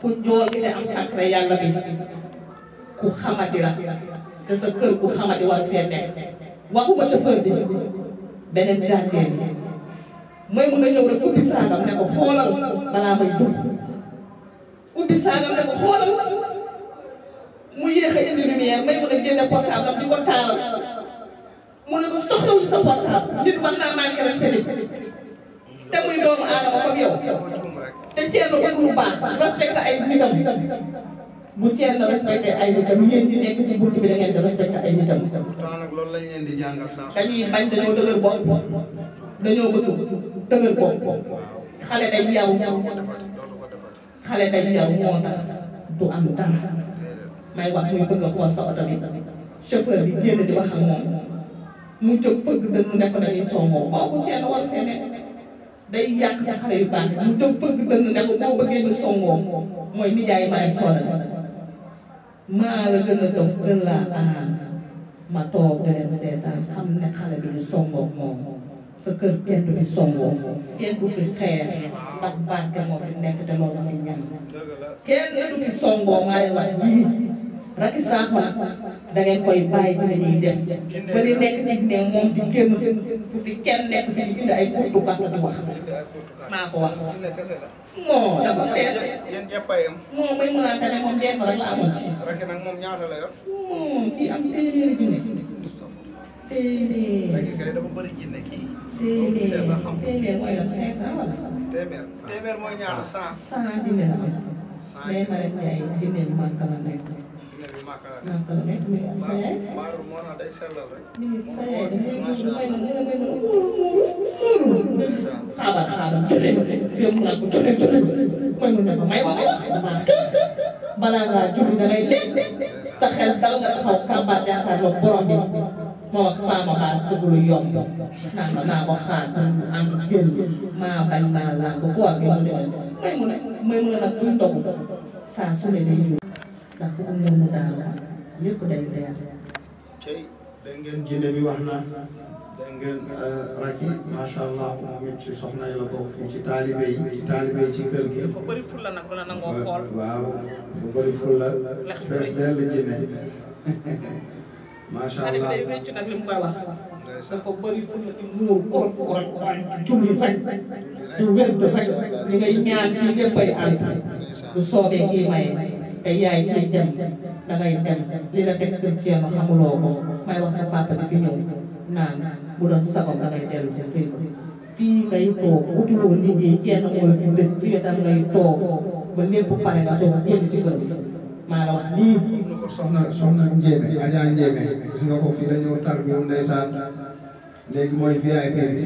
ku jooju te am sacré yàlla bi ku xamati la te sa kër ku xamati war fee nekk waxuma chauffeur bi beneen jàngeen mooy mun a ñëw rek ubbi saagam ne ko xoolal mu yéex a indi lumière may mun a génne portable am di ko taalal mu ne ko soxlawul sa portable nit war naa manqué respect te muy doomu aadama comme yow te Thierno bëgg lu baax respecté ay nitam bu Thierno respecté ay nitam yéen ñi nekk ci bunt bi da ngeen di respecté ay nitam. pourtant nag loolu lañ leen di jàngal saa dañuy bañ dañoo dëgër bopp dañoo bëgg dëgër bopp xale day yaw xale day yaw moo tax du am wax muy bëgg a xool bi di wax ak mu jóg fëgg dënnu nekk dañuy songoo day yàq sa xale yu baax mu jóg fëgg dënn ne ko boo bëggee ñu songoo mooy nijaay maay sooda maa la gën a dof gën laa aan ma toog da dem seetaan xam ne xale bi du songoo moom sa kër kenn du fi songoo kenn du fi xeer ndax barke moo fi nekk te loolu fi ñam kenn du fi songoo maay wax lii ratissement da ngeen koy bàyyi ci li ñuy def ba li nekk ci ne moom di génn bu fi kenn nekk fi di bind ay kurtu bàtt di wax maa ko wax non dafa fees moom may mënaante ne moom benn rek la amoon ci moom kii am téeméeri junne téeméer téeméer mooy lan cinq cent wala téeméer mooy ñaar cent cent junne la am may ma rek yaay junne manque la nekk maakalaay mais ak sa yaay. Maodo moo tax day sellal rek. sa yaay dafay may na may na may na xaaral xaaral ture yóbbu naa ko ture ture may na ko may ma may ma balaa ngaa jug da ngay lekk sa xel dal nga taxaw kàmbaat jàkkaarloo borom bi moom ak faama baas bëgg lu yomb naan ma naa ko xaar ba mu ànd génn maa bañ maa laa ko góor gi mu dem may mu ne may mu ne nag buñ dogu saa su ne day ndax ku am yomb daal la lépp day leer. tey da ngeen jinde bi wax na da ngeen euh, raki macha allah moom it ci soxna yi la bokk fii ci taalibe ci taalibe yi ci kër gi. dafa dell jinne macha allah nag mu koy ci muur kóor kóor jublu fañ ci wér de fañ li ngay ñaan ci léppay maye. te yaay kuy dem dangay dem li la teg kër Thierno xamuloo ko may wax sa a bi fi ñëw naan bu doon si sagoom dangay dellu ci sëy fii ngay toog utuloo liggéey kenn nga ci dëkk ci wetam ngay toog ba lépp pare nga soog génn ci kër maa la wax lii. mooy VIP bi.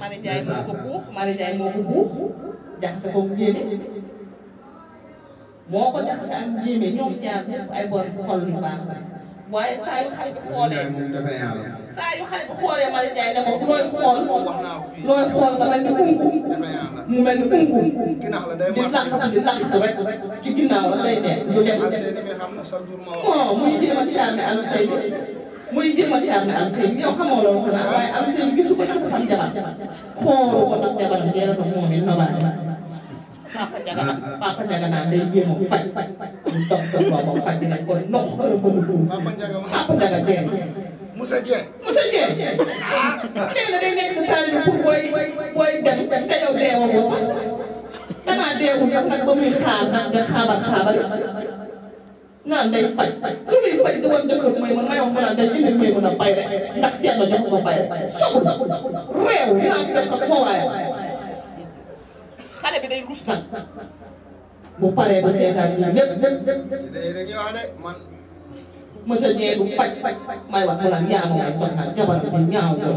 Mari Ndiaye moo ko buux Mari Ndiaye ko buux moo ko jaxase ak njéeme ñoom ñaar ñëpp ay bor xol yu baax waaye saa yu xay bu xoolee saa yu xay bu xoolee Malick Ndiaye ne ko looy xool looy xool nga mel ni kunkum mu mel ni kunkum di làq di làq rek ci ginnaaw la lay nekk lu dem non muy jéem a charmer am sëy muy jéem a charmer am sëy yow xamoo loolu xanaa waaye am sëy gisu ko sax xam jabar xooloo ko nag jabar bi dee na moom it Papa Ndiaga naan Papa Ndiaga naan day jéem a faj faj mu dox dox waaw waaw faj dinañ ko nox heure ba mu tuur. Papa Ndiaga ma Papa Ndiaga Dieng. Moussa Dieng. Moussa Dieng. nee na day nekk sa taalibe pour booy booy dem dem te yow deewoo sax danaa deewul sax nag ba muy xaar nag nga xaabal xaabal naan day faj lu muy faj di woon dëkkër mooy man mayoo ma naan day indi muy mën a bay rek ndax ceeb la jox ko bay rek soxul réew dinaa ko jox ko waaye. xale bi day rus nag bu paree ba seetaan yi lépp lépp lépp dañuy wax de man monsieur ñee du faj may wax mu naan yaa mooy soxna jabar bi ñaaw doom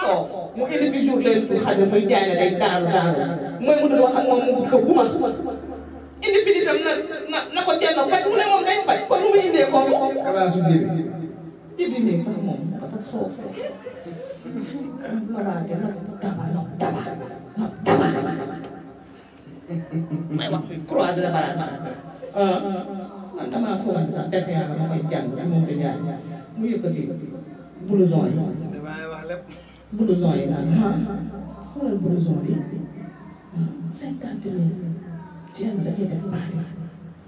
soof mu indi fi jour leen pour xajo muy jaay ne day daanu daanu mooy mënul wax ak moom mu ko bu ma indi fi itam na na na ko ceen faj mu ne moom day faj kon lu muy indee kooku kalaasu jibi jibi nii sax moom dafa soof maraate nag daba nag daba nag daba may wax croise de barab ma ah, man damaa foogoon sax def yàlla ma koy jàng ci moom di jaar mu yëkkati blouson yi blouson yi naan ah xoolal blouson bi cinquante mille jën la ci def baati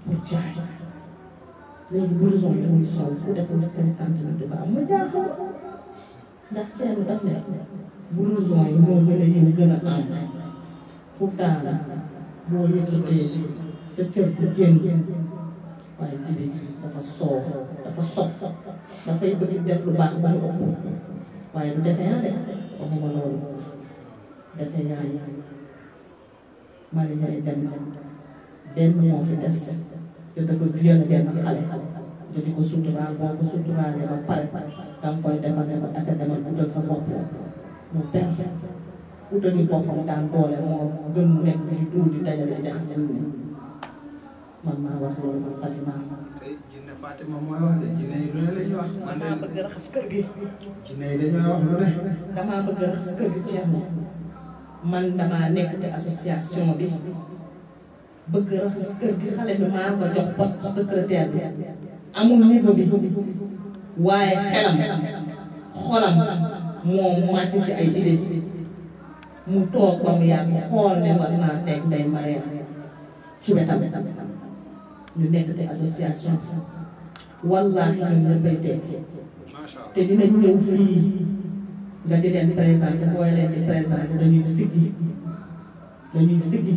mu jaay léegi blouson bi muy sol ku deful cinquante mille du ko am mu jaaxal ndax ceen daf ne blouson yi moo gën a yiw gën a am pourtant boo yëkkatee sa cër bu génn waaye jibi dafa soof dafa sob dafay baax baax waaye du defee yaa de waxuma loolu defee yaa yi mari ñay dem benn moo fi des te dafa violé benn xale te ko suturaal boo ko suturaalee ba pare danga koy defal ne guddal sa bopp mu ber utali boppam daan doole moo gën nekk di tuur di dajale jaxase nit ñi man maa wax loolu man Fatima. tey jinne Fatima mooy wax de jinne yi lu ne la ñuy wax. man bëgg raxas kër gi. jinne yi dañoo wax lu ne. bëgg raxas kër gi ceeb man damaa nekk te association bëgg raxas kër gi xale bi maa ko bi waaye xelam xolam moom màcc ci ay idée. mu toog ba mu yàgg xool ne war naa teg Ndeye Marieme ci wetam ñu nekk te association wallaahi ñun ñoo koy teg te dinañ ñëw fii nga di leen présenté booy leen di présenté dañuy siggi dañuy siggi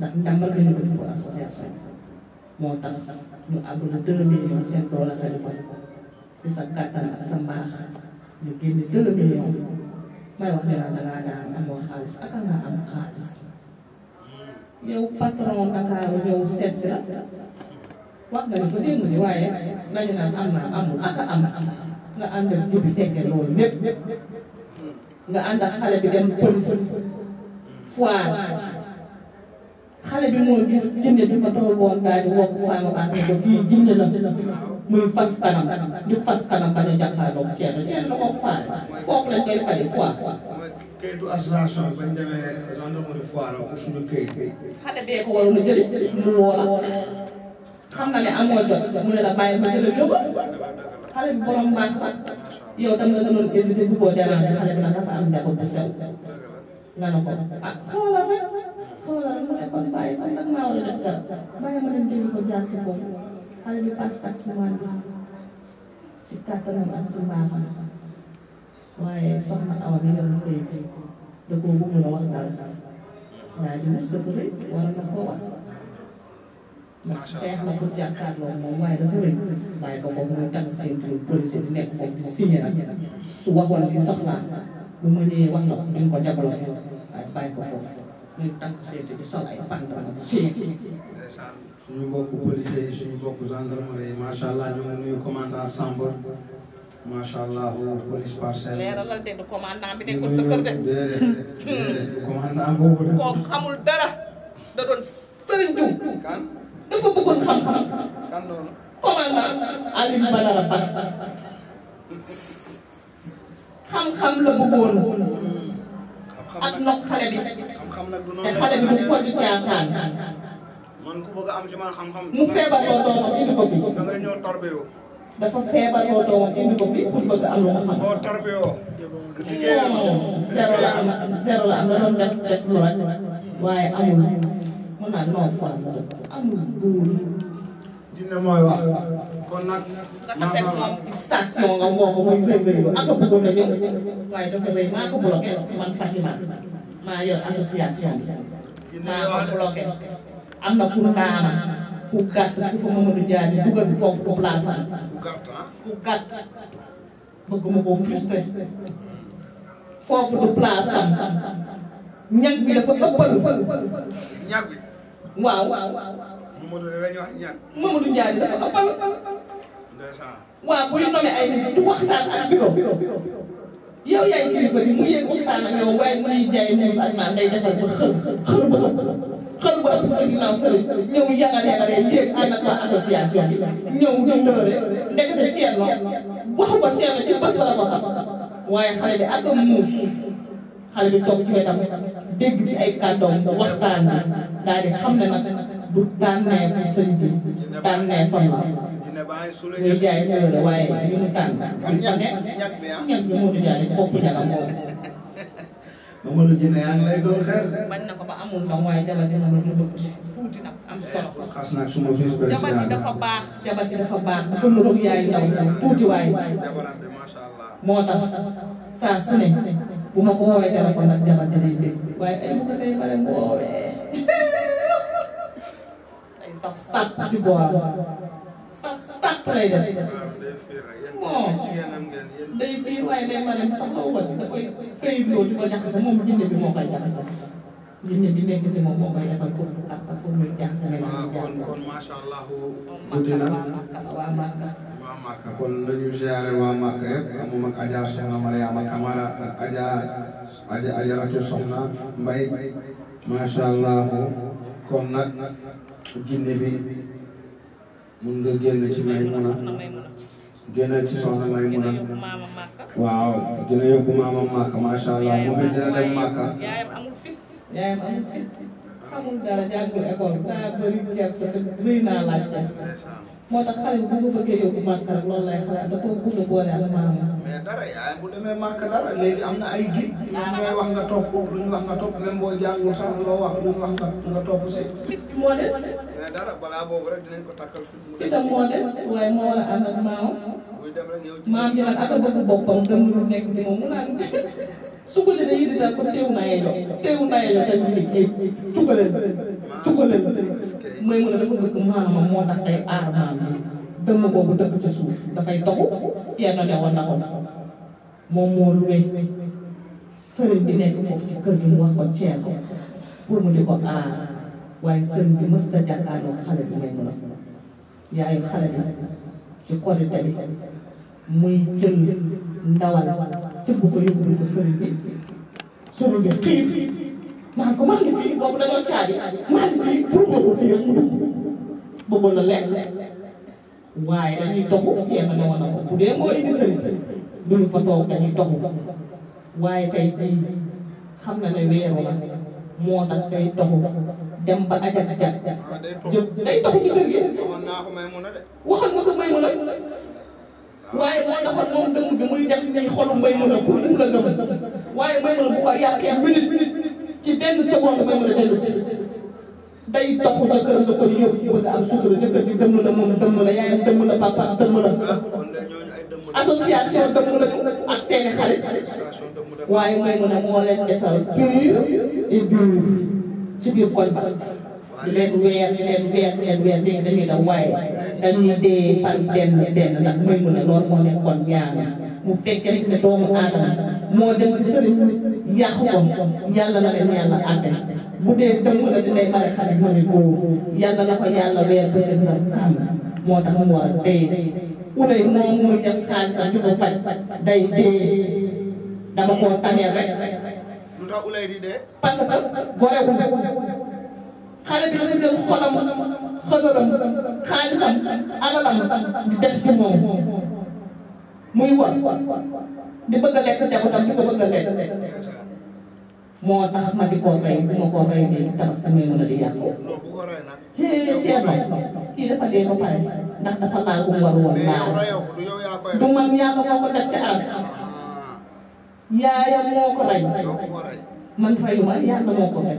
ndax ndàmbal la ñu bëgg pour association moo tax ñu àggul deux millions seen doole téléphone te sa kàttan sa mbaax ñu génne deux millions. may wax ne la dangaa daan amoo xaalis ak nga am xaalis yow patron Dakar ñëw seet si la wax nga ni ko démb ni waaye dañu naan am naa amul ak am nga ànd ak jibi tegge loolu lépp nga ànd ak xale bi dem police foire xale bi moo gis jinne bi fa tool woon daal di wokk faama baax ko kii jinne la muy fas kanam ñu fas kanam ba ñu jàkkaarloo Thierno Thierno ko faale foofu lañ koy fay foire. kayitu association bi bañ demee gendarmerie foire pour suñu kayit. xale bee ko waroon a jëlee mu woo la xam na ne amoo jot mu ne la bàyyi ma jëlee jóg xale bi borom baax yow tam nga gënoon hésité bu ko déranger xale bi nag dafa am njaboot bu sew nga ne ko ah xawala rek xawala rek mu ne kon bàyyi man nag maa war a def dara bàyyi ma dem jëli ko jaar si foofu. xale bi passe taximaan bi ci kàttanam ak ci mbaaxam waaye soxna awa mi yor lu koy da koo bëgg a wax daal daa di mus dafa rëy war na ko wax ndax xeex na pour jàkkaarloo moom waaye dafa rëy bàyyi ko foofu muy tànn seen tur police bi nekk di signé nag su waxoon ci soxlaa bu mënee wax la ko duñ ko développé waaye bàyyi ko foofu ñu takk seeti di sol ay pantalon di sii suñu mbokku policiers yi suñu mbokku gendarmerie yi macha allah ñu ngi nuyu commandant Samb macha allah police parcelle. leeralal de du commandant bi nekkul sa kër de. déedéet déedéet du commandant boobu de. kooku xamul dara da doon sëriñ Diouf. kan dafa bëggoon xam-xam. kan noonu. commandant Alioune Badara Ba. xam-xam la bëggoon. ak nokk xale bi. xam-xam nag du noonu. te xale bi du foddu caaxaan. man ku bëgg a am ci man xam-xam. mu feebarloo doomam indi ko fi. da ngay ñëw torbeyoo. dafa feebarloo doomam indi ko fi pour bëgg am lu nga xam. boo torbeyoo. zéro la am zéro la am da doon def def lu rek waaye amul mun naa noo faral amul góor. dina mooy wax kon nag. macha allah station nga woo ko muy bëri bëri ba ak a bëggoon a ñëw waaye dafa bëri maa ko bloqué man Fatima. maa yor association bi maa ko bloqué am na ku ndaama ku gàtt ku fa Mamadou Ndiaye ñu dugal foofu ku place ah. ku gàtt bëgguma koo frustré foofu du place am ñag bi dafa ëppal ñag bi waaw Mamadou lañu wax ñag Mamadou Ndiaye dafa ëppal waaw buy nomee ay nit du waxtaan ak bureau yow yaay kilifa bi mu yéeg waxtaan ak yow waaye mu lay jaay muus ak maa ngay defar ba xër xër ba xër ba ëpp sa ginnaaw sëriñ ñëw yàlla yàlla yéeg ànd ak waa association bi ñëw ñëw lëre ndekete Thierno waxu ko Thierno ci bés ba la ko xam waaye xale bi ak muus xale bi toog ci wetam dégg ci ay kàddoom waxtaan bi daal di xam ne nag du tànnee ci sëriñ bi tànnee fan ñuy jaay ñooy la waaye ñu mu tànn duñ ko ne ñag ñu mootu jaay bopp jaga moom Mamadou Dina yaa ngi lay doon xel. bañ na ko ba amul doom waaye jabar dina lu bëgg tuuti nag am solo. xas naa suma fils président jabar ji dafa baax. jabar ji dafa baax dafa nuru yaay ndaw sax tuuti waaye. moo tax saa su ne bu ma ko woowee téléphone nag jabar ji lay dégg waaye ay bu ko tey bare mu woowee. ay saf saf ci boor. sax sax lay def bon fiir waaye day ma dem sax loo wëcc da koy këyitloo di ko jaxase moom jinne bi moo koy jaxase jinne bi nekk ci moo koy defal mu tàkk pour muy allah. guddi jinne bi. mun nga génn ci Maymuna génnal ci soxna Maymuna waaw dina yóbbu maama Màkka macha allah moom it dina dem Màkka. yaayam amul fit yaayam amul fit xamul dara jàngul école daa bëri gerte rëy naa laajte. moo tax xale bu ma bëggee yóbbu màkk rek loolu lay xalaat dafa bëgg a boole ak maama. mais dara yaay bu demee màkk dara léegi am na ay guide. waaw ñooy wax nga topp duñu wax nga topp même boo jàngul sax loo wax duñu wax nga topp si. moo des. mais dara balaa boobu rek dinañ ko takkal fi. itam moo des waaye moo war a ànd ak maama. buy dem rek yow. maam ji nag ak a bëgg boppam dem lu nekk di moom mu naan su ko defee yi di daal ko teew naa yeyoo. teew naa yeyoo te ñu ngi tugaleel. tukkal mun a dafa bëgg moo tax tey aar maam ji dëmm boobu dëkk ci suuf dafay dogu ceerno ne woon na ko moom moo luwe sëriñ bi nekk foofu ci kër gi mu wax ko ceerno pour mu di ko aar waaye sëriñ bi mës na jàkkaarloo xale bi may mun a yaayu xale bi ci korite bi muy jël ndawal tëgg ko yóbbu ko sëriñ bi sëriñ bi xiif naan ko man fii boobu dañoo caabi man fii pour ko fii rek mu lekk waaye dañuy dogu ceeb ne woon na ko bu waaye tey xam na ne weeru la moo a waaye bi muy def ngay xolu may mun a pour la gëm waaye may mun a bu ko yàqee minute ci benn seconde may mën a dellu si day topp jëkkër la ko yóbbu bëgg am sutura jëkkër ji dëmm na moom dëmm na yaayam dëmm na papa dëmm na association dëmm na ak seeni xarit waaye may mën a moo leen defal pur et dur ci biir koñ leen weer leen weer leen weer dee dañuy daw waaye dañuy dee par benn benn nag may mën a loolu moo nekkoon ñaar bu fekkee ne doomu aadama moo dem ci yàqu ko yàlla na leen yàlla àtte bu dee dëng la dinay mare xale ma ne góor yàlla na ko yàlla weer bëccëg na kàmm moo tax mu dee unay moom muy def xaalisam di ko faj day dee dama koo taneel rek lu tax ulay di dee parce que jël xolam xëlalam xaalisam alalam di ci moom muy war di bëgg a lekk tegu tam di ko bëgg a lekk moo tax ma di ko rey bu ma ko rey dee tax samay mën a di yàqu. hee Thierno kii dafa dee man yàlla moo ko def ko rey man reyuma yàlla moo ko rey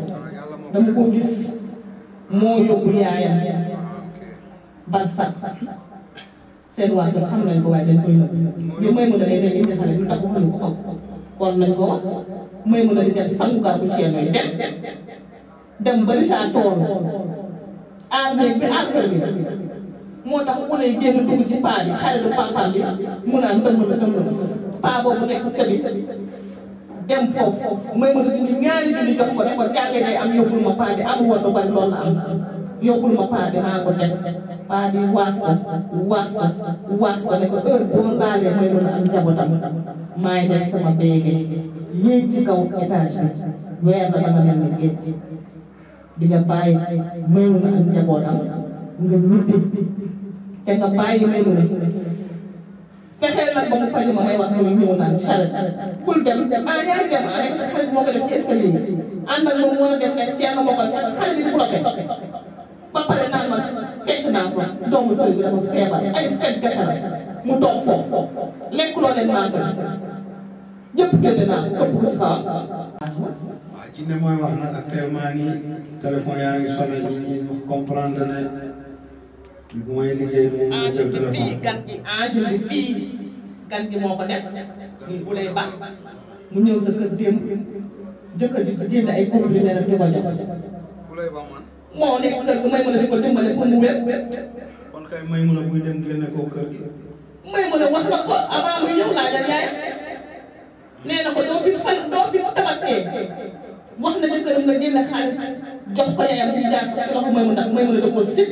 dama ko gis seen waa kër xam nañ ko waaye dañ koy nëb yow may mën a du tax waxuñu ko xam war nañ ko a di ba Richard bi aar kër bi ku ne bi xale du pampaam dem foofu may mën a dugg ñaari bi di ko ne ko am yóbbul ma paa am woon lu loolu am. yóbbul ma paa bi maa ko def paa bi waas ko waas ko waas ko ne ko heure boo laalee mooy mën a am njabootam maay def sama béykat yéeg ci kaw étage bi weer la ba nga mel ni géej di nga bàyyi may mën a am njabootam nga ñibbi te nga bàyyi may mën a fexeel nag ba mu faj ma may wax muy ñëw naan charette bul dem ala ñaari dem ala xarit moo ko def ci escalier yi ànd ak moom war a dem ne ceeb moo koy xale bi di bloqué ba pare naan man fekk naa fa mu toog foofu lekk loo leen fa ñëpp génn naa ëpp ko ci kawam. waaw ci ne mooy wax nag actuellement nii téléphone yaa ngi sonné nit ñi ñu comprendre ne mooy liggéey bi ñu jël téléphone. gan gi enjeu bi fii gan gi moo ko def bu lay mu ñëw sa kër démb jëkkër ji moo nekk kër gi may mën a di ko dimbale pour mu wér. kon kay may mën a buy dem génne ko kër gi. may mën a wax na ko avant muy ñëw laajal yaayam nee na ko doo fi fay doo fi tabaskee wax na jëkkëram na génne xaalis jox ko yaayam di jaar ci loxo may mën a may mën a dëppoo si.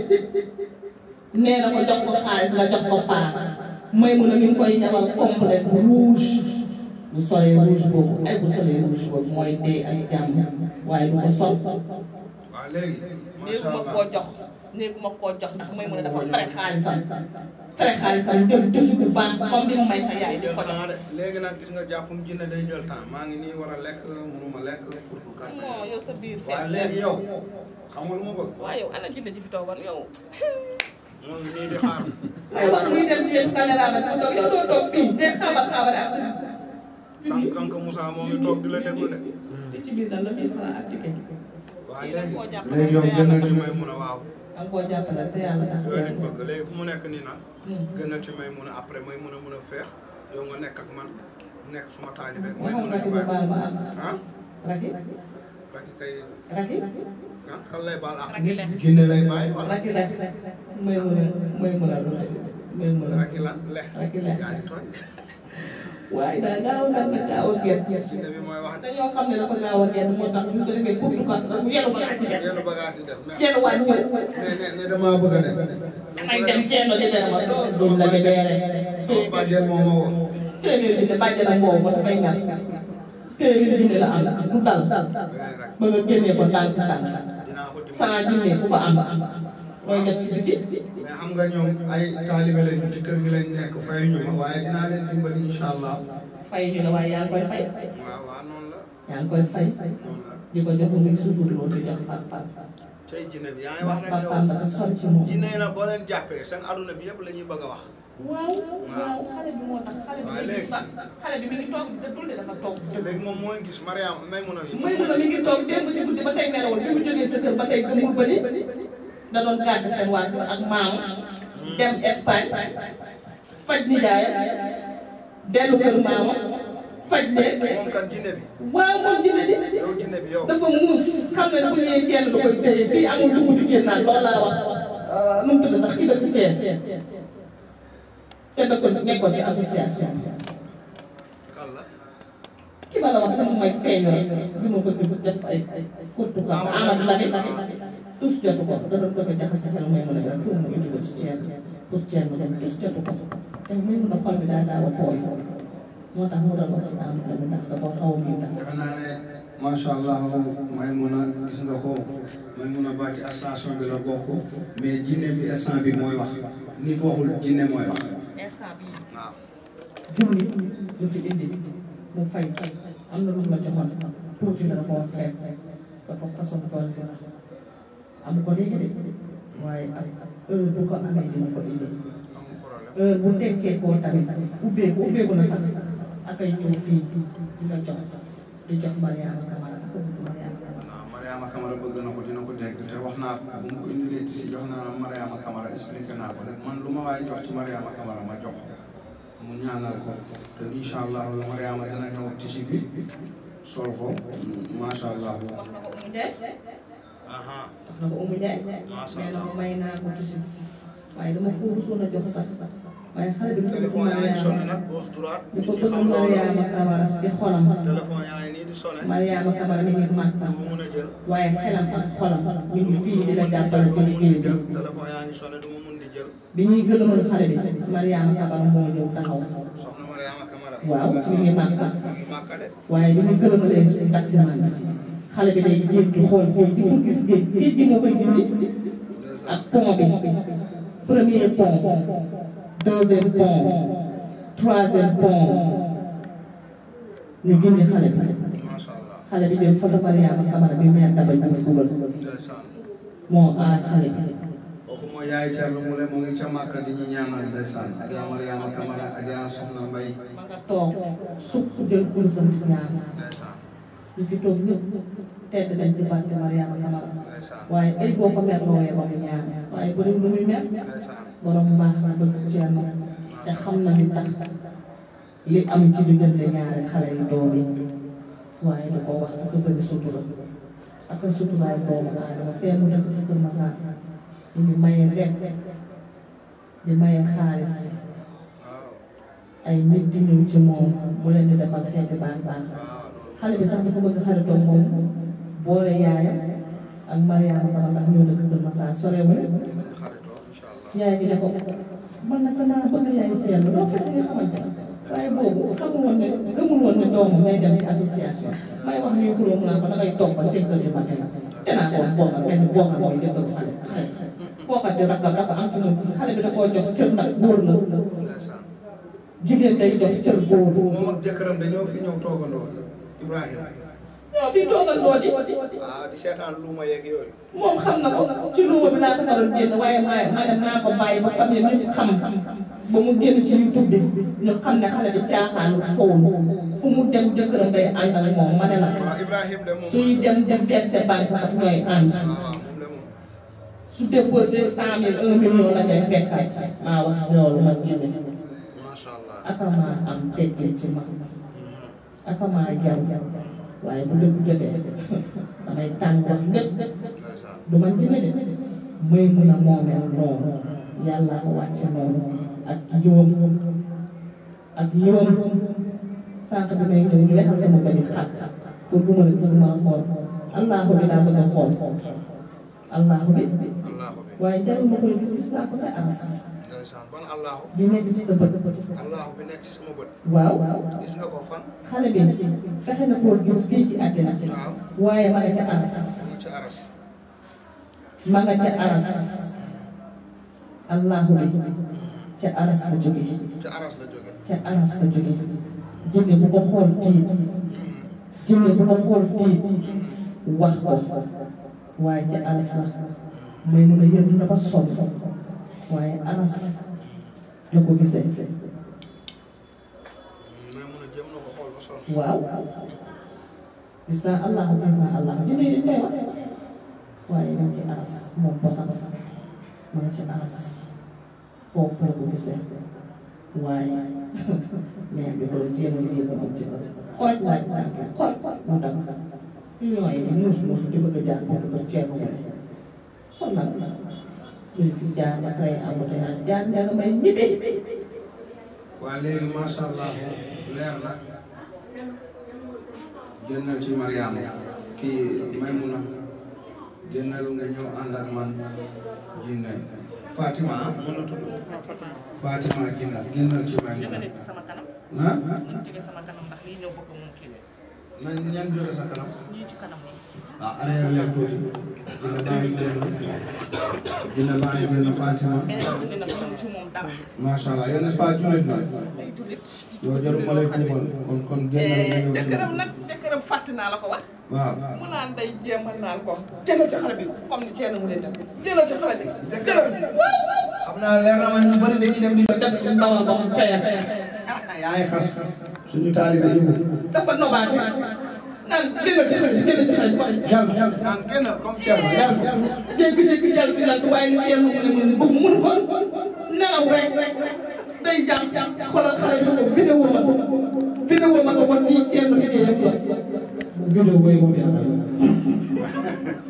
nee na ko jox ko xaalis nga jox ko paas may mën a ñu ngi koy ñawal complet rouge bu solee rouge boobu ay bu solee rouge boobu mooy dee ak jàmm waaye du ko sol. léegi macha allah néegu ma koo jox néegu ma koo jox ndax may mën a dafa fere xaalisam fere xaalisam jël defi bu mu may sa yaay di ko léegi nag gis nga jàppum jinne day jël temps maa ngi nii war a lekk mënuma lekk pour pour kàddu non yow sa biir fekk yow xam nga lu ma bëgg. waaw yow ana jinne ji fi toogoon yow. moom nii di xaar. aywa muy dem ci caméra ba yow doo toog fii de xaaba xaaba ak sa. kan kan Moussa moo ngi toog di la déglu de. li ci biir lan la 1000 francs ak ticket. léegi yow gënal ci Maymuna waaw. da nga koo jàppale te yàlla tax. yooyu lañ bëgg léegi mu nekk nii nag. Hmm. gënal ci Maymuna après Maymuna mun a feex yow nga nekk ak man nekk suma taalibe. Maymuna ñu baal ma ah. Racky. Racky kay. Racky. kan kan lay baal ah. Gine lay bàyyi wala. Racky la Maymuna Maymuna lu Racky lan waaye daa gaaw a mën a awal gerte dañoo xam ne dafa gaaw a gerte moo tax ñu ko defee kóob tuuti ba mu yenu bagage yi def yenu waaj ñëw. ne damaa bëgg a ne. damay dem seen loolu dara ma doom la nga deeree. bàjjen moo ma woo. téeméer bi ne bàjjen ak moom ba dafay ñàkk téeméer bi ne la am du dal ba nga génnee ko ndànk ndànk sans junne bu ba am mooy def ci biti. mais xam nga ñoom ay taalibe lañu nekk fayuñu ma waaye dinaa leen dimbali incha allah. fayuñu la waaye yaa ngi koy fay. waaw yaa ngi koy fay. di ko jox muy sutur loolu di jox par par. tey jinne wax rek yow par par dafa sol ci bëgg a wax. waaw ngi toog ba tey nelawul bi mu jógee sa kër ba tey gëmul bëri. da doon gàdd seen waajur ak maam dem Espagne faj nijaayam dellu kër maama faj leen. moom kan jinne bi. waaw moom jinne bi. yow jinne bi yow. dafa muus xam ne bu ñëwee kenn du koy téye fii amul dugub di génnaat loolu laa wax nu mu tudd sax ki dëkk Thiès te dëkk nekkoon ci association ki ma la wax dama may feeñoo bi ma ko dugg def ay ay kurtu ko Amadou Lamine tous jotu ko da doon bëgg a jaxase xel may mën a yor pour mu indi ko ci ceeb pour ceeb mu dem tous jotu ko te may mën a xol bi daa gaaw a tooy moo tax mu doon wax ci am am ndax da ko xaw mi ndax defe naa ne macha allah may mën a gis nga ko may mën a bàcc station bi la bokk mais jinne bi instant bi mooy wax nit waxul jinne mooy wax instant bi waaw julli lu fi indi mu fay am na lu mu la joxoon tuuti la da ko wax xeet dafa façon tool bi am ko léegi de waaye ak heure bu ko amee dina ko indi heure bu tekkee koo tamit ubbeeku ubbeeku na sax ak ay ñëw fii dina jox di jox ak Mariama Camara. bëgg ko dina ko dégg wax naa mu ko indilee ci jox naa Mariama Camara expliqué naa ko rek man lu ma waaye jox ci Mariama Camara ma jox mu ñaanal ko te incha allah dina ñëw tisi bi ko macha na ko umu jaay nee na ko may naa ko gis waaye a jox sax waaye xale bi dafa ko bëgg Mariama Kamara ci xolam Mariama Kamara mi ngi màkk waaye xelam ak ñuy gëlëmal xale bi Mariama Kamara moo bi xale bi day jéem di xool di ko gis géej géej gi moo ak pont bi premier pont deuxième pont troisième pont ñu génne xale bi xale bi jël photo bi meer Daba Diouf moo aar xale bi. moo yaay toog sukk jël kursam ci ñaan. ñu fi toog ñëpp tedd nañ ci barke Mariama Kamara waaye ay boo ko mer loolee ba mu ñaan waaye bëri lu muy mer borom mbaax na bëgg Thierno te xam na li tax li am ci diggante ñaari xale yu doom yi waaye du ko wax ak a bëri sutura ak a suturaay doomu aadama fee mu def ci Kër Masar ñu ngi maye lekk di maye xaalis ay nit di ñëw ci moom bu leen di defal xeeti baax baax xale bi sax dafa bëgg xaritoom moom boole yaayam ak Mariama dama ndax ñoo dëkk Kër Massar sorewul yaay bi ne ko man nag danaa bëgg yaay ci yàlla ne waaye boobu ne gëmul woon ne doomam day dem ci association may wax ñuy ko dangay toog ba cinq heures ko bokkal benn bokkal mooy jëkkëru la jigéen day jox cër góor Ibrahima. non fii toogal loo di. ah di seetaan luuma yeeg yooyu. moom xam na ko ci luuma bi laa ko naroon génn waaye maa ma ne naa ko bàyyi ba famille ñëpp xam ba mu génn ci YouTube bi ñu xam ne xale bi caaxaanu foofu. fu mu dem jëkkëram day ànd ak moom ma ne la ah, suy dem dem verser banque sax ñooy ànd ah, su déposé cent mille un million la koy fekkat maa wax loolu man jënd ak maa am teggee ci ma akamaa jaw waaye bu dëgg jotee damay tàng wax dëgg du ma jënd de may mun a moomeel noonu yàlla ko wàcce noonu ak yiwam ak yiwam sànq dinañ ñëw ñu waxal sama bëri xat pour allahu bi laa bëgg a allahu bi waaye jarul ma koy gis gis naa ko ca as kon bi nekk ci sa bët allahu bët waaw waaw gis nga ko na koo gis fii ci àddina waaw waaye ma ca aras ma ca aras allahu bi ca aras la jóge ca aras la jóge ca bu ko xool tiit bu ko xool tiit wax waaye ca aras la may mun a yër ba sonn waaye aras la ko gisee. waaw gis naa allah gis naa allah junne yi dañ koy waaye ñoom ci aras moom bosan ma ci aras foofu la ko gisee waaye mais bi loolu jéem a liggéey ba moom ci ko xooj waaj waaj xooj xooj moo tax ñooy ñuus ñuus di bëgg a jaar benn ba ceeb kon nag ñu fi jaar ba tey embouteillage jaar nga bay ñibbi. waa léegi macha allah leer na génnal ci Mariama kii Maymuna génnal nga ñëw ànd ak man Fatima Fatima jinne génnal ci Maymuna ah. nañ ñan jóge kanam. a ah, araya men to dina bàyyi benn dina bàyyi benn Fatima macha allah yow n'est-ce pas jullit na yow jarul ma lay tuumal kon kon génn jëkkëram nag jëkkëram fàtt naa la ko wax waaw mu naan day jéem a naan ko génn ci xale bi comme ni ceen mu leen def génn ci xale bi jëkkëram xam naa leer na ma ñu bëri dañuy dem di def ndawal ba mu fees ah, yaay xas suñu taalibe yi dafa nobaat naan génn ci xel génn ci xel yàlla yàlla naan génn comme Thierno yàlla yàlla. jékki-jékki yàlla fi naan waaye ni Thierno mu ne bëgg mun ko nelaw rek day jàpp xoolal xale bi ne vidéo ma vidéo ma nga wan nii Thierno liggéeyam la. vidéo booy moom yaakaar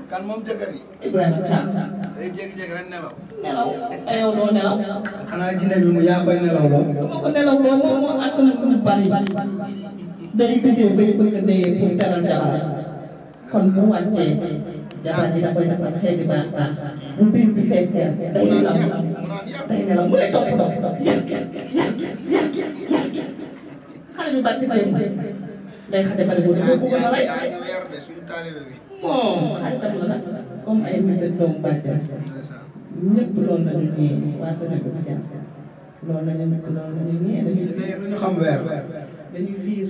kan moom jëkkër yi. Ibrahima Thiam. day jékki-jékki rek nelaw. nelaw te yow doo nelaw. xanaa ji nañu yaa koy nelaw loo. dama ko nelaw loo moom moo ànd na lu bari. day bëggee bay bëgg a dee pour teral jabar kon mu wàccee jabar ji da koy defal xeeti baax baax bu biir bi feesee day nelaw day nelaw mu lay topp topp xale bi bari bay day xale bari bu dee ko ma lay bon xale tam la comme ay nit ak doomu bàjjan ñëpp loolu la ñu ñëwee waa dana ko jàpp loolu la ñu nekk loolu la ñu ñëwee dañuy dañu xam weer dañuy viir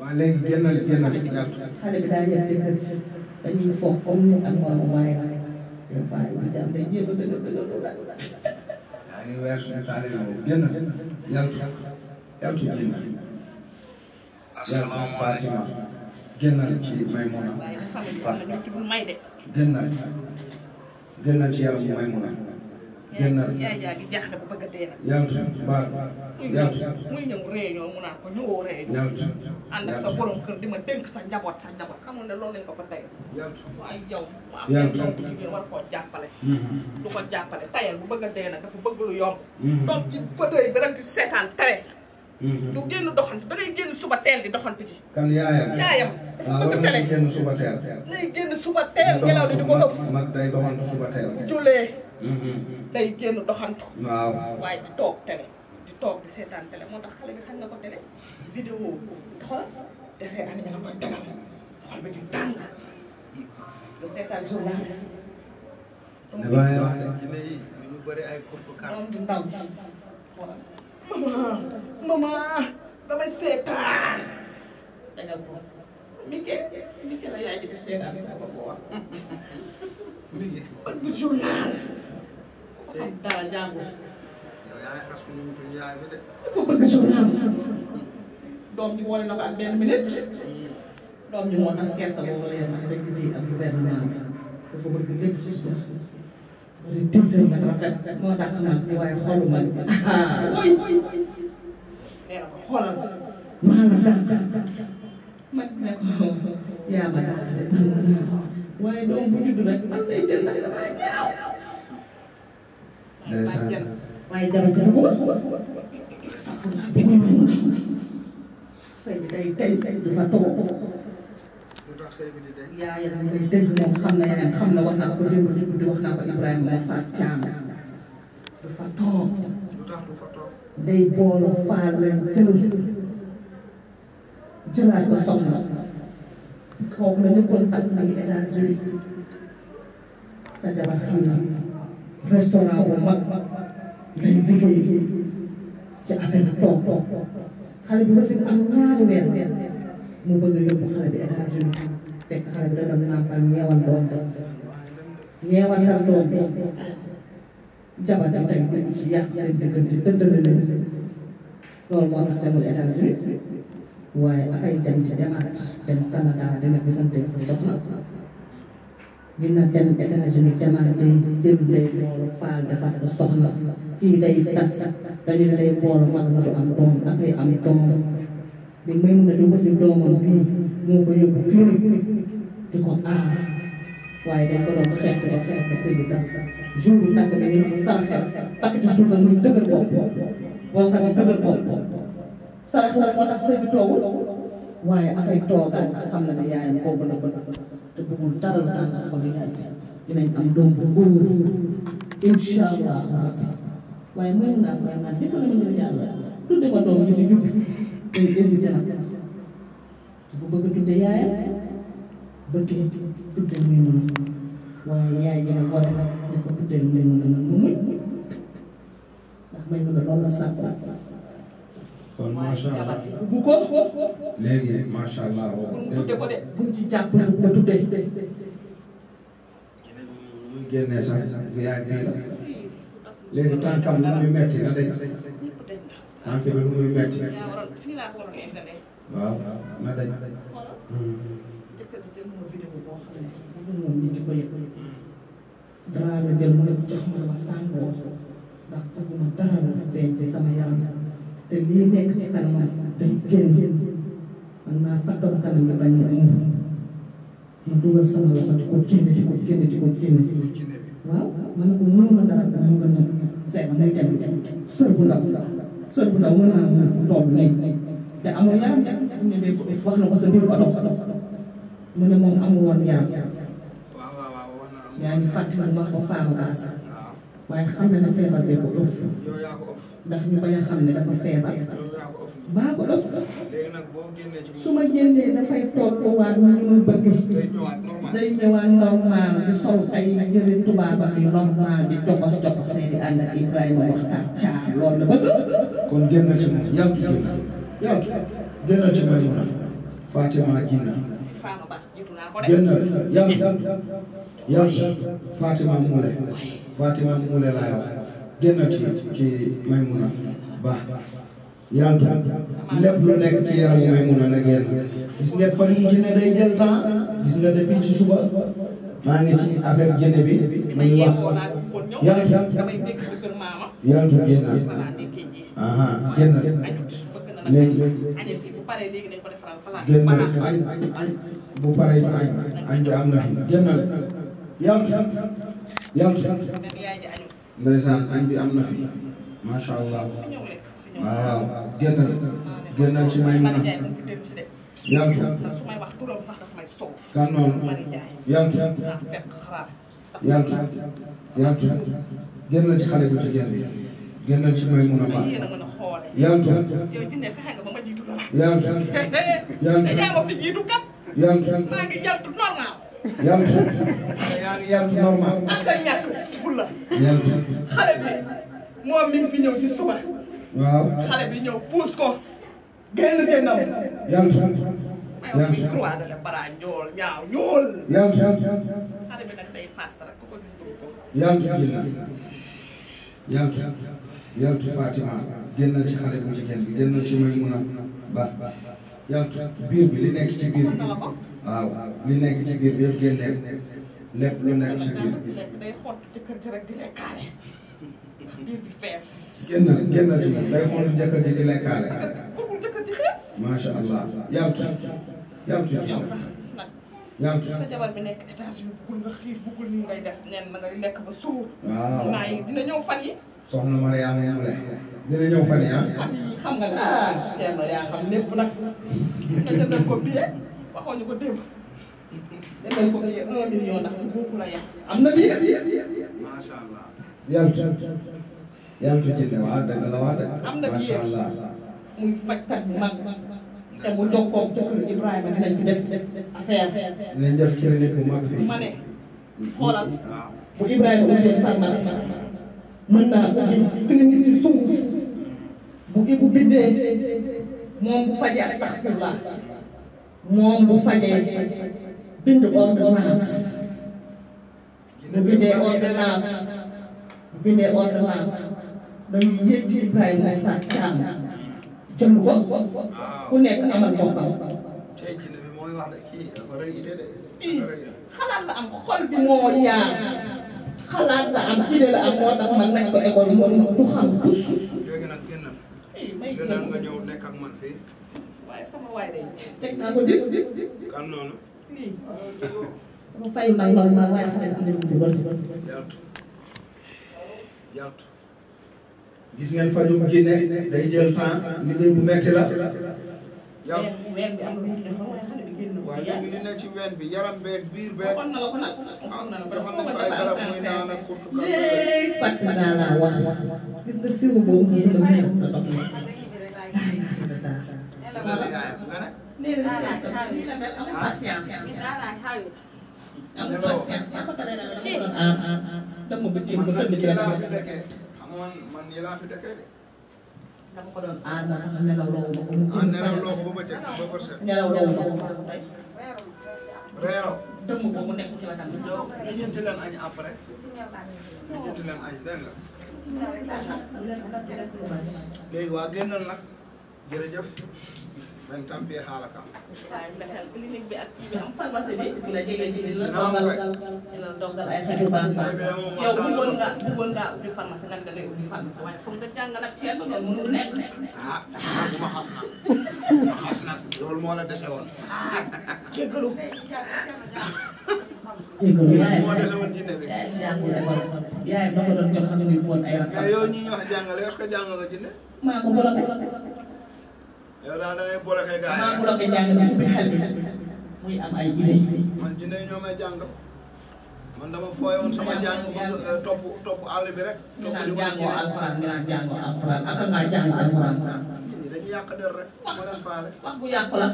waaw léegi génnal génnal yàlla. xale bi daa yàq dëkk dañuy foog comme ni ak wàllu waaye la. yow Faye bi daal day jéem a dëgër dëgër lu la. yaa ngi weer suñu taale yooyu génnal yàlla yàlla tuuti génnal. asalaamaaleykum yàlla Fatima génnal ci génnal yàlla baal yàlla. muy ñëw réunion mu naan ko ñëwoo réunion. yàlla ànd ak sa borom kër di ma dénk sa njaboot sa njaboot xamul ne loolu lañ ko fa tey. yàlla waaye yow. yàlla mu am ci war koo jàppale. du ko jàppale tayal bu bëgg a dee nag dafa bëgg lu yomb. toog ci fauteuil bi rek di seetaan tere. du génn doxantu da ngay génn suba teel di doxantu ji. kan yaayam yaayam. waaw loolu day génn suba teel. day génn suba teel ngelaw li di ko ëpp. mag day doxantu suba teel. julee. Mm-hmm. day génn doxantu. waaw waaye di toog télé. di toog di seetaan télé moo tax xale bi xam na ko télé. vidéo xool dessin animé la koy dalal xool seetaan journal. yi damay seetaan. da nga la yaay ji di seetaan sa bopp wax. Mike. journal. dafa xam dara jàngoo. yow yaa ngi xas suñu suñu yaay bi de. dafa bëgg journal doom ji boole na ko ak benn minute. doom ji moo tax kersa boobu la yem ak rek lii ak gouvernement bi dafa bëgg lépp ci suba. wala tiital ma rafet moo tax nag waaye xoluma li. mooy mooy mooy. nee na ko xoolal. maanaam daal daal daal. man ne ko yaa ma daal de. waaye doom bu judd rek man lay jël ndax damaa ñaaw. ndeysaan waaye dara jarabu wax wax wax sëy bi day tey tey du fa toog yaayam mi ngi dégg moom xam na yeneen xam na wax naa ko démb ci guddi wax naa ko Ibrahima moom Fatou Thiam du fa toog day boolu faal leen jël jëlaat ko soxna kooku la ñu kon ak ak États-Unis sa jabar xam na restaurant bu mag lañ liggéey ci affaire toog toog xale bi machine am ñaari weer mu bëgg a yóbbu xale bi États-Unis fekk xale bi da doon nàmpal ñeewal doom ñeewal dal doom jabar ji tey dañu ci yàq seen diggante dëndale leen loolu moo tax demul États-Unis waaye akay dem ci demaat dem dina dem États-Unis demaat day jël day boolu faal defar ko soxla kii day tas dañu ne day boolu man la du am doom dafay am doom li may mun a di wasi doomam bii moo ko yóbbu clinique di ko aar waaye dañ ko doon xeex ba xeex ba sëy bi tas jour bu tàkk dañu ne ko saraxel takk ci suuf ñu dëgër bopp waaye akay toogal xam na ne yaayam boobu la bëgg te bëggul dara dara nga xol yaay dinañ am doom bu góor incha allah rabbi waaye mooy mu naan naan dimbali ma ngir yàlla tudde ko doom ci ci jub day hésité nag dafa bëgg a tudde yaayam bëggee tudde muy mun waaye yaay gi nag war na ko tudde muy mun mu muñ ndax may mun a loolu la sàkk kon macha allah bu ko. léegi macha allah. buñ ci jàpp buñ ko tuddee. ñu génnee sax VIP la léegi tànkam lu muy metti na dañ. tànk bi lu muy metti. waaw na dañ. moom nit di ko yëg dara la jël mu ne ko jox ma ma sàngoo ndax bëgguma dara la feeñ ci sama yaram te lii nekk ci kanamam day génn man maa fàttoon kanam bi bañ mu ma dugal sama loxo di ko génne di ko génne di ko génne waaw ma ne ko mënuma dara dama nga ne seet nay dem sër bu ndaw sër bu ndaw mën naa toog nii te amul yaram yaram ne day ko wax na ko sa biir oto mu ne moom amul woon yaram yaa ngi fàttali ma wax ko faama waaye xam na ne feebar bee ko ëff ndax ñu bañ a xam ne dafa feebar maa ko ëff su ma génnee dafay toog ko waat ma bëgg day ñëwaat normal di sol ay yëre tubaabam yi normal di jokos jokos di ànd ak Ibrahima waxtaan caa loolu la bëgg. kon génn ci moom yàlla ci génn yàlla génn ci Madina Fatima Gina génn Fatima Moulé laay wax génn ci ci Maymuna Ba yantu lépp lu nekk ci yaram Maymuna na génn gis nga fan yu jinne day jël temps nga depuis ci suba maa ngi ci affaire jinne bi muy wax yantu aha génn léegi génn añ bu pare añ añ am na fi génnal yantu yàlla ndeysaan añ bi am na fi macha allah waaw génnal génnal ci may mën a yàlla kan noonu yàlla yàlla yàlla génnal ci xale bu jigéen bi génnal ci may mën a baax yàlla yàlla yàlla yàlla yàlla tuuti. yàlla tuuti normal. ak a ñàkk ci fulla. bi moom mi ngi fi ñëw ci suba. waaw xale bi ñëw puus ko. génn bi bara ñool ñaaw ñool. yàlla bi nag day paas ci xale bu jigéen bi ba yàlla tuuti biir bi li nekk ci biir bi. waaw li nekk ci biir bi yëpp génneel lépp lu nekk ci biir bi. day xott ci kër gi rek di lekkaale. biir bi fees. génnal génnal ci biir day xott jëkkër ji di lekkaale. bëggul jëkkër ji xeet. macha allah yaatu yaatu yow sax nag. yaatu sa jabar bi nekk États-Unis bëggul nga xiif bëggul ni ngay def neen na ngay lekk ba suur. waaw naa yi dina ñëw fan yi. soxna Mariama yam le dina ñëw fan yi ah. xam nga ah Thierno yaa xam lépp nag. nga jëndal ko billet. waxoon ñu ko démb. defal ko billet un million ndax mu góob la yàq. am na billet. macha allah. yàlla ci yàlla ci jënd waaw danga la wax de. am na billet macha allah. muy fajkat mag te mu jokkoog jëkkër Ibrahima dinañ fi def affaire. dinañ def clinique bu mag fii. ma ne xoolal. Ah. bu Ibrahima ubbee pharmacie. mën naa ubbi clinique ci suuf. bu ibu bindee moom bu fajee astaxfirullah moom bu fajee bind ordonnance bu bindee ordonnance bu bindee ordonnance dañu yéeg ci Ibrahima Makhtar Thiam jënd ko ku nekk amal boppam xalaat la am xol bi moo yaar xalaat la am idée la am moo tax man nag ko école moom du xam tus sama waay day. teg naa ko dégg dégg dégg. kan noonu. lii. mu fay ma lool ma waaye xale am na lu dugal. yàltu yàltu gis ngeen fajum jinne day jël temps liggéey bu metti la. yàltu ween bi am na lu mu defoon waaye xale bi génn ko. waaw léegi li ne ci ween bi yaram beeg biir beeg. waxoon na la ko nag ah, naan ak kurtu kan. léegi pat ma daa laa nee na laaj amul patience. amul patience maa ko paree dama doon am dama ko démb ba tëdd ci la dama man nii laa fi dëkkee de. dama ko doon aar ma tax nelaw loowu ba ko. ah nelaw loowu ba ba ca ba ba ca. nelaw loowu ba ko ba ko tey. reeroo. dëmm boobu nekk ci la dama. donc lijjanti leen añ après. lijjanti leen añ dégg nga. léegi waa génnoon nag. jërëjëf man tampi xaala kam waaye fexeel clinique bi ak kii bi am pharmacie bi dina jege ci dina toggal dina toggal ay xeetu baax baax yow bëggoon nga bëggoon nga ubbi pharmacie nga da ngay ubbi pharmacie waaye foog nga jàngal ak ceeb loolu mënul nekk ah, ah bu ma xas nag bu ma xas nag loolu moo la dese woon cëggalu moo dese woon ci nebi yaay ma ko doon jox xam ne muy ay rakk yow ñi ñu wax jàngale est-ce que jàng nga jinne maa ko bolok yow daal da ngay bloqué gars yi. damaa bloqué njàng bi ubbi xel bi muy am ay jinne. man jinne ñoo may jàng man dama fooy woon sama jàng bëgg eh, topp topp àll bi rek. topp li ma jàngoo alxuraan ñu naan jàngoo alxuraan ak ngaa jàng alxuraan. dañuy yàq der rek. ma leen faale wax bu yàqu la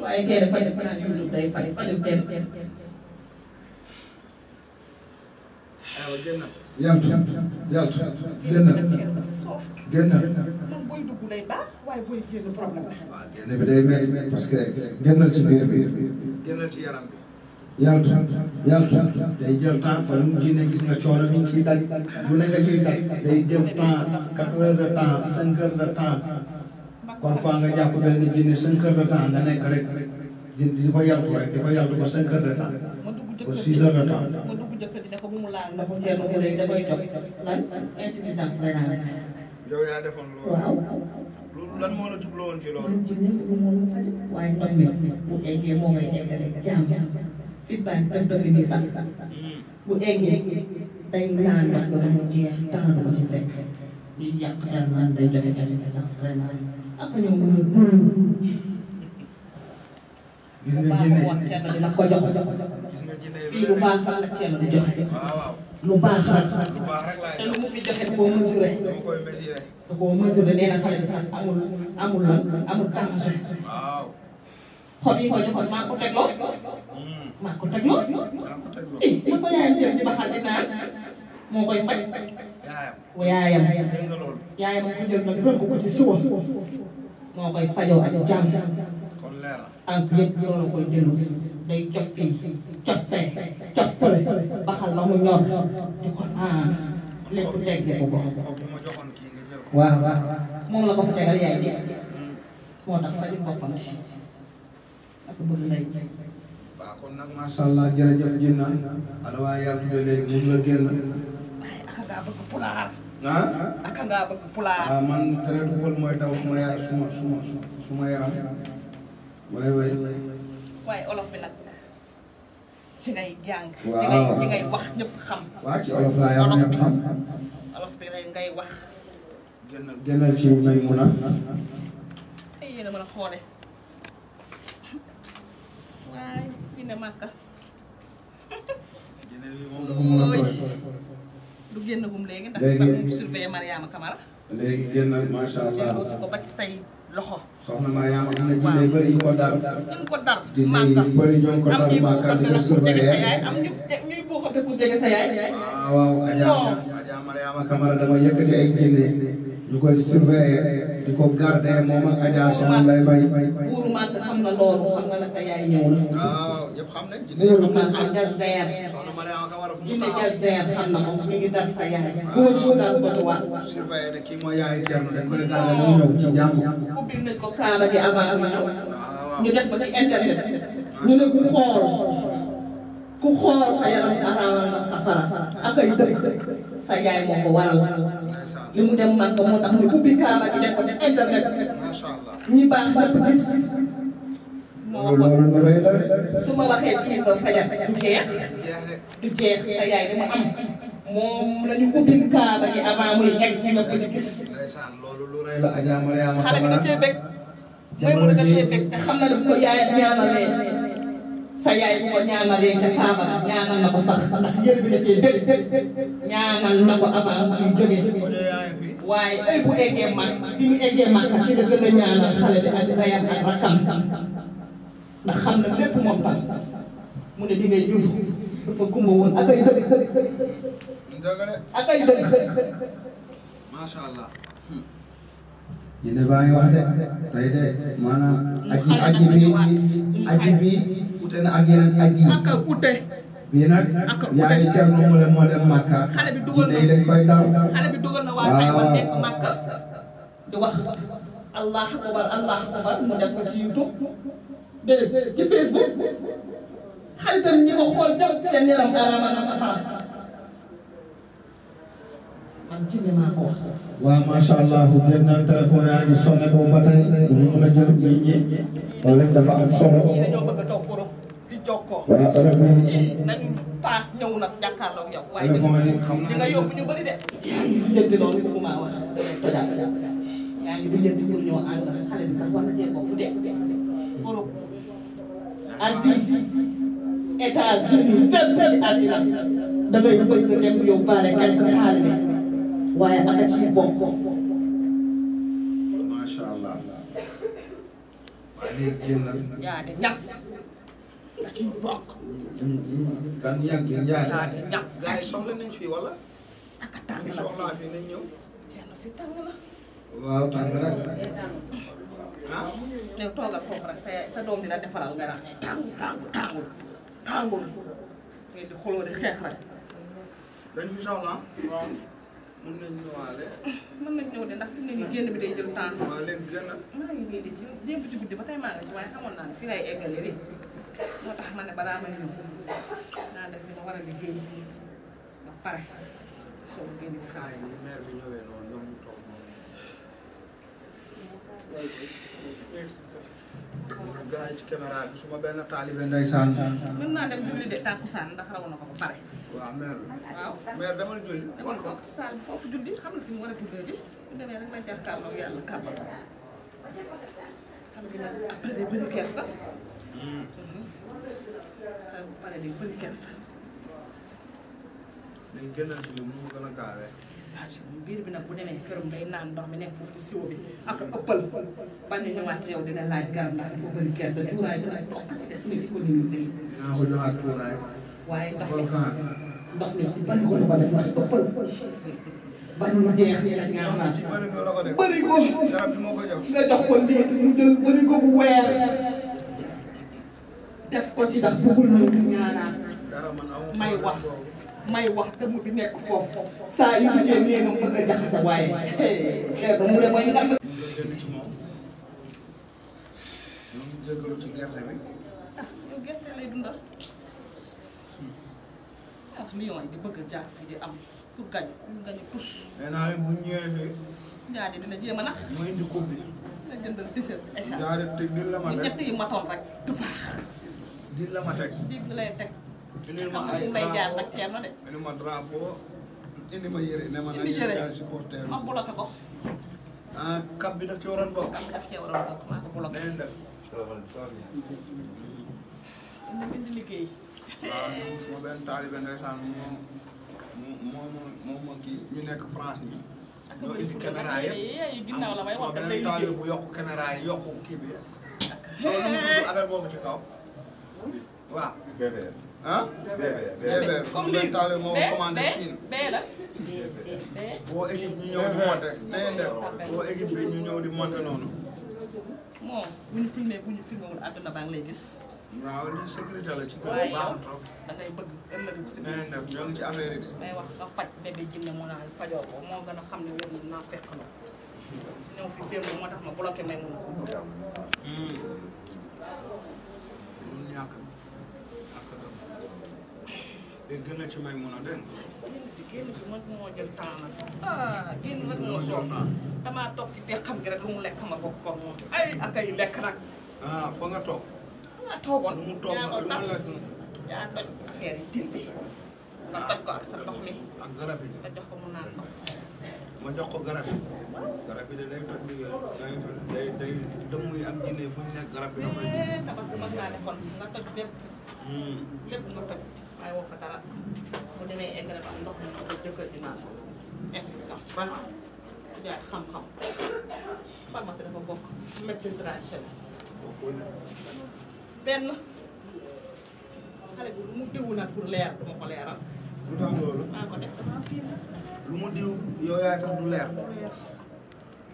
waaye kee dafay def naan YouTube day fay fajul dem dem. aywa génn. yàlla génn génn. dugg lay baax waaye booy génn problème la. waaw génn bi day métti parce que génnal ci biir bi génnal ci yaram bi. yàlla tuut yàlla tuut day jël temps fa mu jinne gis nga coono mi ngi ciy daj bu ne nga daj day jël temps quatre heures de temps cinq heures de temps parfois nga jàpp benn jinne cinq heures de temps nga nekk rek di ko yàltu ko yàltu ko bu mu laal ne ko teel a da koy yow yaa defoon loolu. waaw loolu lan moo la jubloo woon ci loolu. man ci nekk lu moo fa waaye ndox mi bu eggee moo may eggale jàmm fi ba def dofi ni sax hmm. bu eggee day naan ndox ba mu jeex dara du ko ci fekk ñu yàq dara naan day joxe gasi essence ren ak ñoom mu gis nga jinne dina ko jox gis nga jinne fii lu baax baax la ceeb di joxe. lu baax rek te lu mu fi joxe da koo mesuré da koo mesuré nee na xale bi sax amul amul lan amul danger xob yi ko joxoon hmm. maa ko tegloo maa ko tegloo eh ma ko yaayam jël di baxal di naan moo koy faj yaayam yaayam ko jël nag doon ko ko ci suba moo koy fajoo ak jàmm tànk yëpp loolu koy jëlu day jof fii cof fee cof fële baxal ba mu ñor di ko naan lekk ah, lekk bu baax waaw waaw moom la ko fa tegal yaay bi moo tax faju boppam si ak bëgg ndey waaw kon nag macha allah jërëjëf jinna alawaa yàlla de léegi mun la génn aka ngaa bëgg pulaar ah aka ngaa bëgg pulaar waaw ah, man deret wël mooy daw suma yaay suma suma suma yaram waay waay waaye olof bi nag ci ngay jàng. waaw ci ngay wax ñëpp xam. waaw ci olof laa yàlla ñëpp xam. olof bi ngay wax. gënal gënal ci may mun a. ay yéen ma mën a xoole. waay dina màkka. du génn gum léegi ndax. léegi surveiller Mariama Camara. léegi génnal macha allah. ko ba say. loxo soxna Mariama am na bëri ñu ko dar ñu ko dar bëri ñoo ko dar maaka di ko surveiller am ñu ñuy ah, dama yëkkati ay jinne ñu koy surveiller di ko garder moom ak Adja Soxna lay bay buuru màgg xam na loolu xam nga la sa yaay ñëw ñëpp xam nañ. góor man xam gas weer. dina gas weer xam na moom mi ngi dar sa yaay. Ah. góor su dal ko tuwaat. surveiller ne kii mooy yaayu Thierno dañ koy gàllal mu ñëw ci jàmm. ubbil nañ ko kaala gi avant mu ñëw. Ah, ñu def ko ci internet. ñu ne ku xool. ku xool sa yaram araamal na safara. ak ay dëkk sa yaay moo ko waral. li mu dem man ko moo tax ñu ubbi kaala gi def ko ci internet. ñi baax ñëpp gis. loolu lu rëy la. su ma waxee fii ba fajar du jeex du jeex sa yaay dama am moom la ñu ubbil kaaba gi avant muy egg si nga ko di gis. loolu lu rëy la Adja Mariama xale bi da cee bëgg mooy mu da cee bëgg te xam na lu ko yaay ñaanalee sa yaay bu ko ñaanalee ca kaaba ñaanal na ko sax ndax yër bi da cee bëgg ñaanal na ko avant muy jóge waaye ay bu eggee mag bi mu eggee mag ci la gën a ñaanal xale bi ak ndeyam ak rakkam ndax xam na lépp moom tam mu ne bi ngay judd dafa gumba woon ak ay dëgg ak ay dëgg macha allah jënd baa ngi wax de aji aji bi ute na ak aji yi bii nag yaa ngi ceerno mu le moo dem màkka jënd wax allah akbar allah akbar mu def ko ci youtube dégg ci Facebook xaritam ñi ko xool dem seen yaram araba na safara man jinne maa ko wax. waaw macha allah def naan téléphone yaa ngi sonné ko ba tey ñu mën a jël nit ñi wala dafa am solo. dañoo bëgg a toog Europe di jokkoo. waaw Europe yi nañu paas ñëw nag jàkkaarloo yow. waaye di nga yóbbu ñu bëri de. yaa ngi jënd loolu bu ma wax yaa ngi du jënd pour ñoo ànd xale bi sax war na cee bokk de Europe. Asie États-Unis fépp ci àddina da ngay bëgg dem yóbbaale kenn taalibe waaye aka ciy bokk. macha allah waaye léegi génn. ñaari ñaq da ciy bokk. gan yàgg ñaari ñaq. gars yi soxla nañ fi wala. ak tàng la soxlaa fi nañ ñëw. yàlla fi tàng la. waaw tàng la. ah léegi toogal foofu rek sa sa doom dina defaral nga naan tàngul tàngul tàngul tàngul ngeen di xuloo di xeex rek. dañ fi soxla. waaw mën nañ ñëwaale. mën ñëw de ndax fi nii génn bi day jël temps. waaw léegi génn. maa ngi nii di ci ba tey maa ngi ci waaye xamoon naa ne fii lay eggalee de moo tax ma ne balaa may ñëw naa def li ma war a liggéey ba pare soo génn bi xaar yi. maire bi ñëwee noonu. gaa yi ci caméra bi su ma benn taalibe ndeysaan. mën naa dem julli de tàkkusaan ndax raw na ko ba pare. waaw mère waaw mère dama julli. wan ko saan foofu julli xam na fi mu war a julli ji bu demee rek ma jàkkaarloo yàlla kàbbal xam nga nag après day bëri kersa. bu paree day bëri kersa. léegi gënal ci mu gën a gaawee. biir bi nag bu demee këram day naan ndox mi nekk foofu ci siwo bi ak ëppal bañ a ñëwaat si yow dina laaj garab ndax dafa bëri kersa tuuraay dina toog ci des muy économiser yi. dinaa ko joxaat tuuraay. waaye ndox mi ndox mi bëri ko la ko def ndax ëppal. ba ñu jeex ñu ne ñaar naan. bëri ko nga jox ko lii mu jël bëri ko bu weer. def ko ci ndax bëggul na ñaanaan may wax. may wax dëmm bi nekk foofu saa yu bëggee nee na mën a jaxase waaye. ba mu ne mooy nga. Ah, ñu ngi dégg ci moom ñu ngi jégalu di bëgg a jaar fii di am pour gañ pour gañ tous. nee naa leen bu ñëwee fii. jaade dina jéem a nax. mooy indi coupe bi. dina jëndal dessert échange. jaade teg di la ma teg ñett yi matoon rek du la ma teg. indil ma ay drapeau indil ma drapeau indi ma yére ne ma nag yéen supporter ma bloqué ko. ah kab bi daf ci waroon bokk. kab bi daf ci waroon bokk maa ko bloqué. nee na indi liggéey. waaw sama benn taalibe ndeysaan moom moom moom moom kii ñu nekk France nii. ñoo indi caméra yëpp am sama benn taalibe bu yokk caméra yi yokk kii bi. loolu lu mu tudd affaire boobu ci kaw waaw. ah. bébé comme lii bee bee la. boo équipe ñu ñëw di monté nañ noonu. moom bu ñu filmé bu ñu filmé wul baa ngi lay gis. waaw li sécurité la ci kër bu baax da ngay bëgg ëllëg si biir ci affaire yi. day wax nga faj bébé jinne mu naan fajoo moo gën a xam ne wér naa fekk na. ñëw fi démb moo tax ma bloqué may mun a. day gën a ci may mun a dégg génn bi man moo jël temps nag moo soog damaa toog ci biir xam gi rek lu mu lekk ma bokk ko moom ay ak ay lekk nag ah fa nga toog nga mu toog toj ko ak sa ndox mi ak garab yi nga jox ko mu naan ndox ma jox ko garab yi garab yi de day toj bi day day dëmm yi ak jinne fu ñu nekk garab yi da koy eh, nga toj lépp hmm. lépp nga toj may wax ko dara bu demee engrais ba am ndox mi ko jëkkër ji naan insuffisant vraiment jaay xam-xam pharmacie dafa bokk médecine traditionnelle benn xale bi lu mu diwu nag pour leer duma ko leeral maa ko def lu mu diw yow tax du leer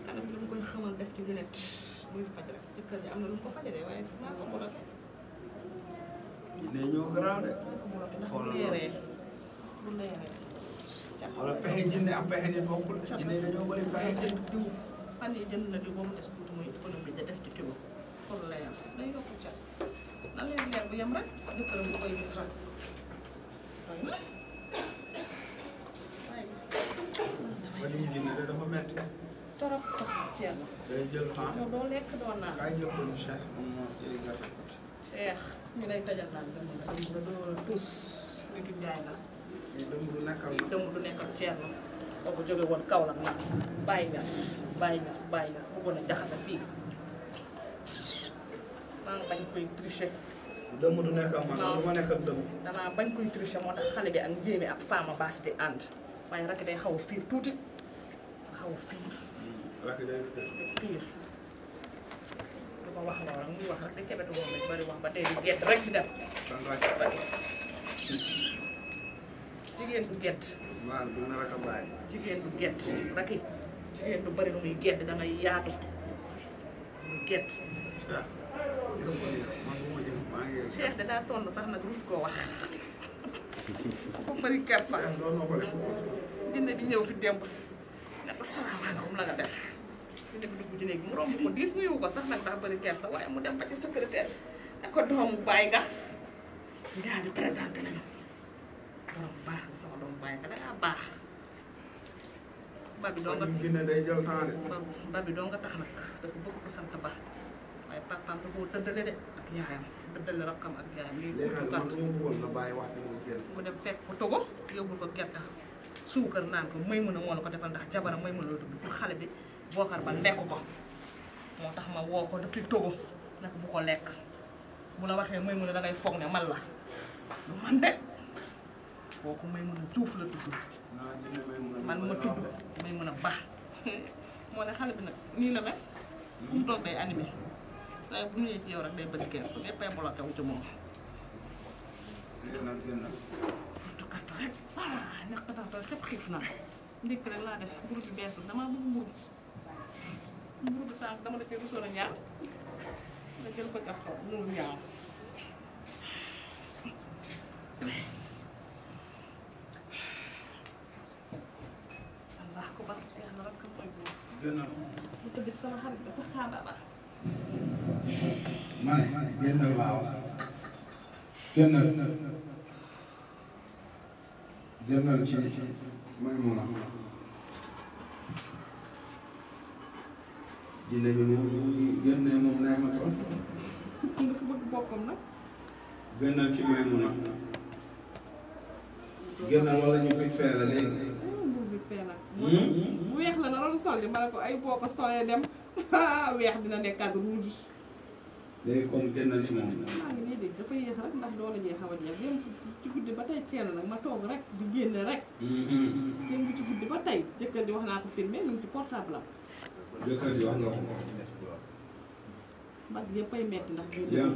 kanam bi lu mu koy xamal def ci lunette muy faj rek jëkkër ji am na lu mu ko fajalee waaye maa ko bloqué dina ñëw garaaw de xoolal loolu xoolal pexe jinne ak pexe nit bokkul jinne dañoo bëri pexe nit diw fan yi jënd na diw ba mu des tuuti muy économie da def ci tibo xool la yam day yokku ca na leen leer bu yem rek dafa metti torop sax ceeb la day jël temps doo lekk doo naan kaay jël ko mu cheikh moom moo jëli nga Cheikh ñu lay tajal daal dëmb la dëmb la doo tuus nitu njaay la dëmb du nekkal la dëmb du nekkal ceer la boobu jóge woon Kaolack nag bàyyi ñas bàyyi ñas bàyyi ñas bëggoon a jaxase fii maa ngi bañ koy tricher dëmb du nekkal man du damaa bañ koy tricher moo tax xale bi ak njéeme ak faama baas di ànd waaye rakk day xaw a fiir tuuti fa xaw fiir hmm, ma wax loo rek muy wax rek dañ cee woon rek bari wax ba tey du rek di dem. jigéen du gett. a bàyyi. jigéen du gett rek yi jigéen du bari lu muy gett da ngay muy gett. Cheikh de daa sonn sax nag rus koo wax ko bëri kersa. dina bi ñëw fi démb ne ko salaamaaleykum la nga def. di nekk dugg ci néeg bi mu romb ko diis mu yóbbu ko sax nag daa bëri kersa waaye mu dem ba ci secrétaire ne ko doomu bàyyi nga daal di présenté nañu borom baax nga sama doomu bàyyi nga dangaa baax. Babi doo nga day jël temps de. Babi doo nga tax nag dafa bëgg ko sant ba waaye papaam dafa dëddale de ak yaayam dëddale rakkam ak yaayam. léegi nag man mu bëggoon nga bàyyi wax bi mu dem fekk ko Togo yóbbul ko gerte suukar naan ko may mën a moo la ko defal ndax jabara may mën a la tudd xale bi. Bocar ba lekk ko moo tax ma woo ko depuis Togo nag bu ko lekk bu la waxee may mun a dangay foog ne man la lu man de kooku may mun a juuf la tudd man ma tudd may mun a baax moo ne xale bi nag nii la mel mu toog day animé waaye bu ñëwee ci yow rek day bëgg kees léppay naa doon xepp laa def mburu bi beesul damaa bëgg mburu mburu bu sànq dama la koy rusoon a ñaan nga jël ko jox ko mu ñaaw allah ko bar yàlla rek mooy buur mu tëdd sama xarit ba sa xaanala ma ne génnal laa wax génnal génnal ci may mun a jinne bi moom yónnee moom neex na trop. dafa bëgg boppam nag. gënal ci may mun a. gënal wala ñu koy feere léegi. Hmm, bu hmm? weex la naroon sol di ma ne ko ay boo ko solee dem weex dina nekkaat rouge. léegi kon gënal ci moom. maa ngi nii de dafa yéex rek ndax doole jee xaw a jeex ci guddi ba tey ceeno nag ma toog rek di génn rek ceeno mm-hmm. bi ci guddi ba tey jëkkër di wax naa ko filmé mu ngi ci portable la jëkkër wax nga ko yëpp ay metti ndax jël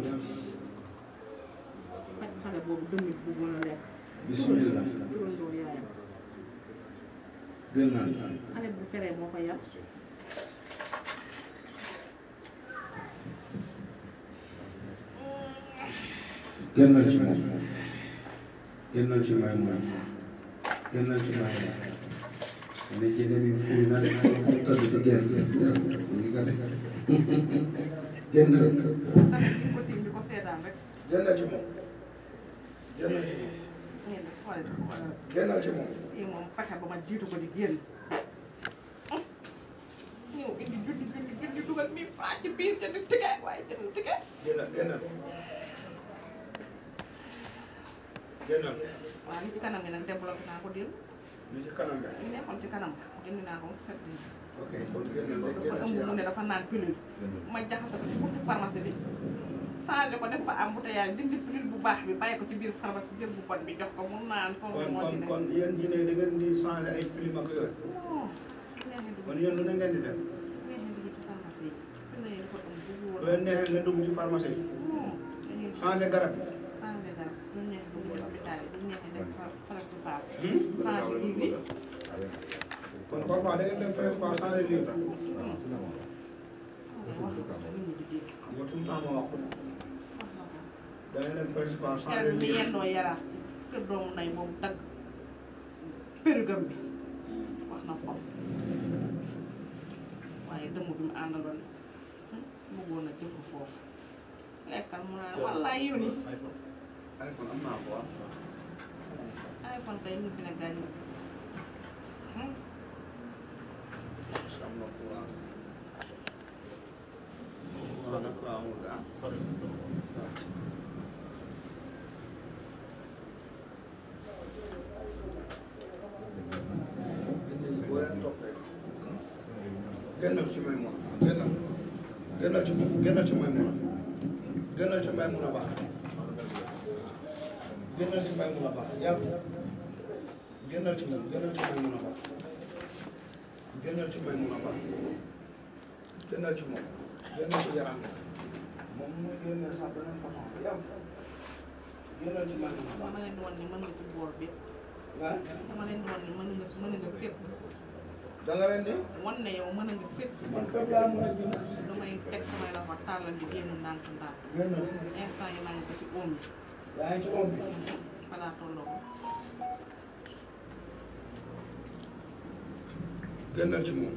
faj boobu dëmmit bu mën a lekk bismillah juróom yaayam yéen nañ ci may moom yéen nañ ci may moom ne ci demi fuuy na tëdd si génn ñu gane génn rek génnal ci moom génnal ci moom génnal ci moom lii moom fexe ba ma jiitu ko di génn ñëw indi junni junni junni dugal mi faa ci biir jënd tike waaye jënd tike génnal génnal génnal. waaw li ci kanam gi nag débloqué naa ko démb. li ci kanam gi. li nekkoon ci kanam dindi naa ko set bi. ok kon génnal dafa ëmb mu ne dafa naan pilule. ma jaxase ko ci buntu pharmacie bi. changé ko def fa am bu te yaay dindi pilule bu baax bi bàyyi ko ci biir pharmacie jël bu bon bi jox ko mun naan. foofu moo ci nekk kon kon kon yéen ñu ne da ngeen di changé ay pilule ak yooyu. non. kon yéen lu ne ngeen di def. bu leen neexee nga dugg ci pharmacie yi. changé garab prévoir changer lieu bi. kon parfois da ngeen dem prévoir changer lieu bi. moo tout le temps ma wax ko. da ngeen dem prévoir changer lieu bi. yàlla na yéen yara kër doomu nay moom dagg périgam bi wax na ko waaye dëmm bi mu àndaloon bëggoon a jëfu foofu lekkal mu naan wallaay yow nii. iPhone am naa ko iPhone kay ñu fi ne hmm? ah. gaañ gënal ci may mun a gënal gënal ci gënal ci may mun a gënal ci may mun a baax gënal ci may mun a baax yàlla génnal ci moom génnal ci moom mun a baax génnal ci mbay mun a baax génnal ci moom génnal ci yaram moom mooy génne sax beneen façon bi yam génnal ci mbay mun a baax. ma leen woon ni mën nga ci boor bi. ah. ma leen woon ni mën nga mën nga fépp. da nga leen di. wan na yow mën nga fépp. man fépp laa mën a génn. damay teg samay la fa tàllal di génn ndànk ndànk. génn instant yi maa ngi ko ci oom bi. yaa ngi ci oom bi. balaa tolloo ko. gënal ci moom.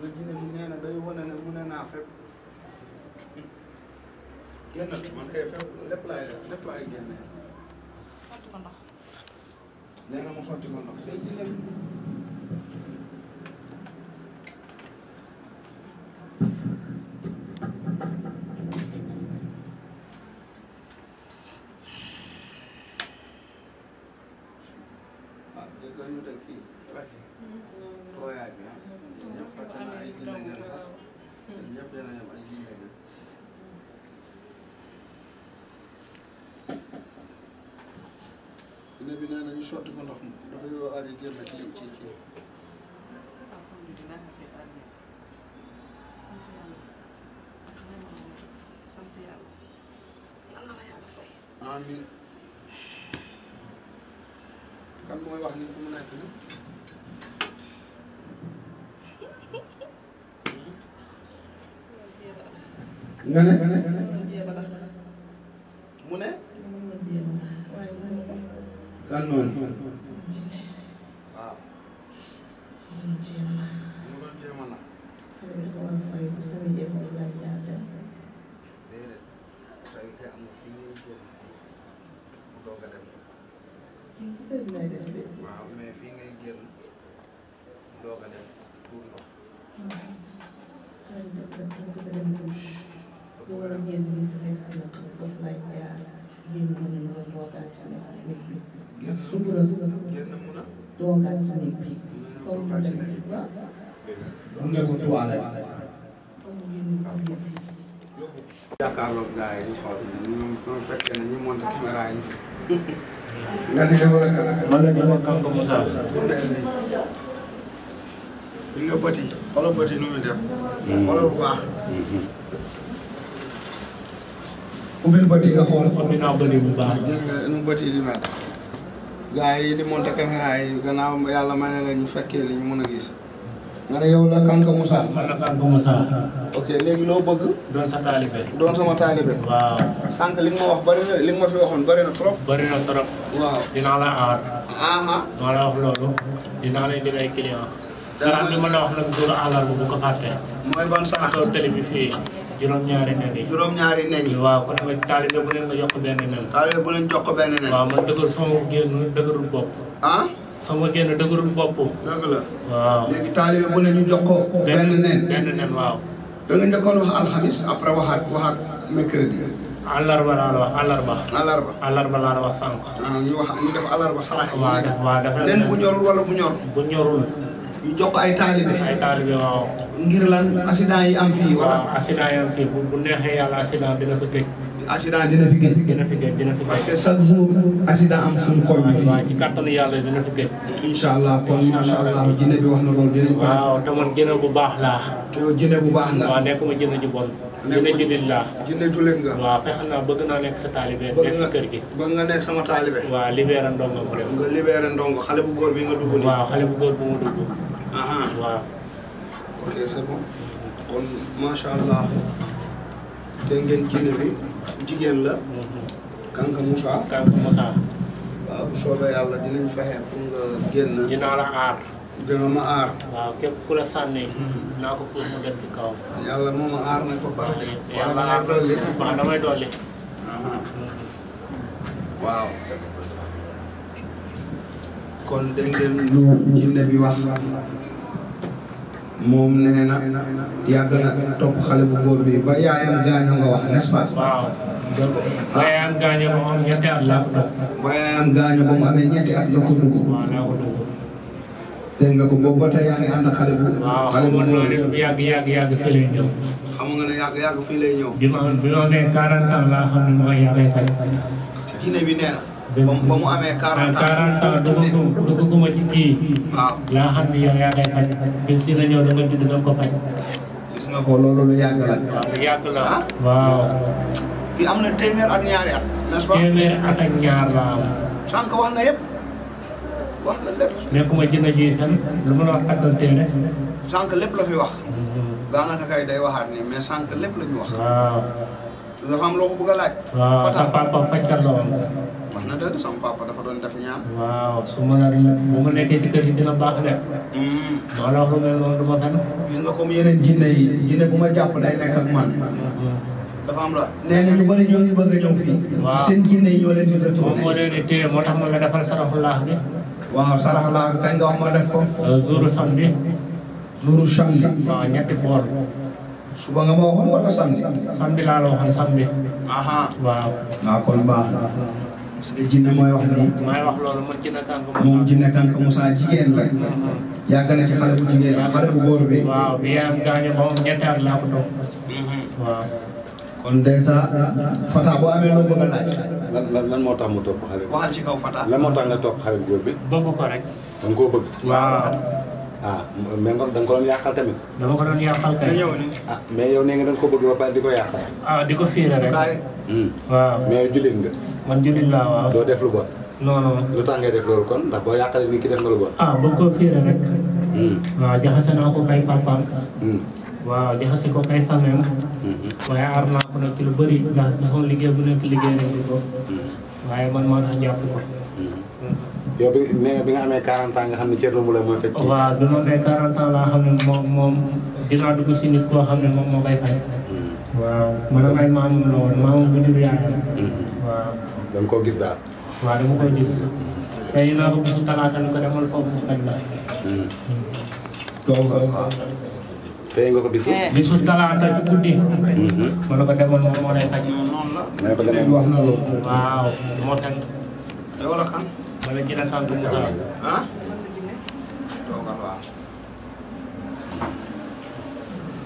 nga jinne bi nee na day wane ne mën naa fépp. gënal man kay fépp lépp laay lépp laay génne. sotti ko mu sotti ko ndox day jinne sotti ko ndox mi dafay woo aada génn ci ci ci amin kan mooy wax ni fu mu nekk ni nga ne nga fay bu sawi jee foofu lay jaar dem fii ci kër gi lay des de waaw mais fii ngay génn doog a dem pour ndox bu war a génn nit nekk si nag foofu lay jaar génn mu ne mën a toogaat si néeg bi suba génn mun a toogaat si néeg bi comme mu dem ba mun nga ko tuwaale jàkkaarloog gars yi ñu xool ñoom ñoom fekkee ne ñu monté caméra yi. nga di déglu rek rek. nu muy def. Mm-hmm. xoolal bu mm-hmm. nu bëti di mel. gars yi di monté caméra yi yàlla ma na la ñu fekkee li ñu mën a gis. nga ne yow la Kanka Moussa. man la Kanka Moussa. ok léegi loo bëgg. doon sa taalibe. doon sama taalibe. waaw. sànq li nga ma wax bëri na li ma fi waxoon bari na trop. bari na trop. waaw dinaa la aar. aha. maa la wax loolu. dinaa la jël ay clients. dara bi ma la wax nag dóor àllarba bu ko fàtte. mooy ban sarax. soo bi fii. juróom-ñaari ne yi. juróom-ñaari ne yi. waaw kon nag taalibe bu leen nga jox benn nen. taalibe bu leen jox benn nen. waaw man dëgër sama génn dëgërul bopp. Ah? sama génn dëgërul bopp. dëgg la waaw. léegi taalibe bu ne ñu ko. benn nen benn nen waaw. wax alxamis après waxaat waxaat mercredi. la wax àllarba. àllarba àllarba laa sànq. Ah, ñu wax ñu def àllarba sarax. waaw def jox ay taalibe. ay taalibe waaw. yi am fii bu neexee yàlla accident dina ko tëj. accident dina fi géej. parce que chaque jour accident am suñu koñ bi. waaw ci yàlla dina fi géej. incha allah kon macha allah jinne bi wax na loolu dinañ ko. waaw te jinne bu baax laa. yow jinne bu baax la. waaw nekkuma jinne ju bon. nekkuma jinne jullit nga. waaw fexe naa bëgg naa nekk sa taalibe. nekk si kër gi bëgg nga nekk sama taalibe. waaw libéré ndongo mu dem. nga libéré ndongo xale bu góor bi nga dugg nii. waaw xale bu góor bu mu dugg. waaw. ok c'est kon macha allah te jinne bi jigéen la. Mm-hmm. Kanka Moussa. Kanka Moussa. waaw bu soobee yàlla dinañ fexe pour nga génn. dinaa la aar. dina ma aar. waaw képp ku la sànni. Mm-hmm. naa ko pour mu moo ma aar nañ ko baax. yàlla aar dolli waaw damay dolli. Uh-huh. Mm-hmm. waaw. kon dégg lu jinne bi wax. moom nee na yàgg na topp xale bu góor bi ba yaayam gaañoo nga wax n'est-ce waaw. ba ah. gaañoo ba mu ñetti at laa ko topp. ba yaayam gaañoo ba mu amee ñetti at nga ko dugg. waaw nga ko boobu ba tey yaa xale bu. xale bu nga ne yàgg yàgg fii lay ñëw. bi ma bi ma nee laa xam ne ma koy yàggee tey. jinne bi ba mu amee 40 ans dugguma ci kii. waaw laa xam ni yow yaa ngay faj bis dina ñëw da nga judd da ko faj. gis nga ko loolu lu yàgg la. waaw lu yàgg la ah? waaw. kii am na téeméer ak ñaari at. nest téeméer at ak ñaar la am. sànq wax na yëpp wax na lépp. nekkuma jënd ji itam lu ma la wax tàggal téere. sànq lépp la fi wax. Mhm. daanaka kay day waxaat ni mais sànq lépp la ñu wax. waaw. dafa am loo ko bëgg a laaj. waaw sa papa doon def su ma la bu ma nekkee ci kër gi dina baax de. Hmm. maa la wax lu mel noonu du nga comme yeneen jinne yi jinne bu ma jàpp day nekk ak man. dafa am la nee bëgg a ñëw fii. seen jinne yi ñoo leen moo leen di moo tax ma la defal saraxu laax bi. waaw saraxu laax kañ nga wax ma def ko. Euh, jouru samedi. jouru samedi. waaw ñetti bool. suba nga ma waxoon wala samedi. samedi laa la waxoon samedi. waaw. waaw kon baax na. parce que jinne mooy wax nii. mooy wax loolu man jinne Kanka Moussa. moom jinne Kanka Moussa jigéen la. Mhm. yàgg na ci xale bu jigéen xale bu góor bi. waaw bi yaayam gaañu ba moom ñetti at laa ko toog. Mhm. kon dèjà Fata boo amee loo bëgg laaj. lan moo tax mu topp xale bi. waxal ci kaw Fata. lan moo tax nga topp xale bu góor bi. bëgg ko rek. da koo bëgg. ah mais ngoon da nga ko doon yàqal tamit. dama ko doon yàqal kay. ah mais nee nga da ko bëgg ba pare di ko yàqal. ah di ko fiire rek. Hmm. waaw nga. man jullit laa waaw. doo def lu bon. non non. lu tax ngay def loolu kon ndax boo yàqalee nit ki def nga lu bon. ah bëgg ko fiire rek. Hmm. waaw ko kay papaam. Hmm. waaw jaxase ko kay fameem. waaye aar nag lu bëri ndax dafa liggéey bu nekk liggéey nañ ko. waaye man moo tax jàpp ko. yow bi nee bi nga amee 40 ans nga xam ne Thierno Moule mooy fekk. waaw bi ma amee 40 ans laa xam ne moom moom dinaa dugg si nit koo xam ne moom moo koy fay. Mm-hmm. waaw man ak ay maamam la woon maamam bu dul yaayam. Mm-hmm. waaw. da nga koo gis daal. waaw dama koo gis. Mm-hmm. tey naa ko bisu talaata ni ko demal foofu mu faj la. donc. Ah, ah. tey nga ko bisu. Eh. bisu talaata ci guddi. ma ne ko demal moom moo lay faj. ma ne ko demal wax na loolu. waaw moo tax. wala kan. wala ci la sant Moussa. ah.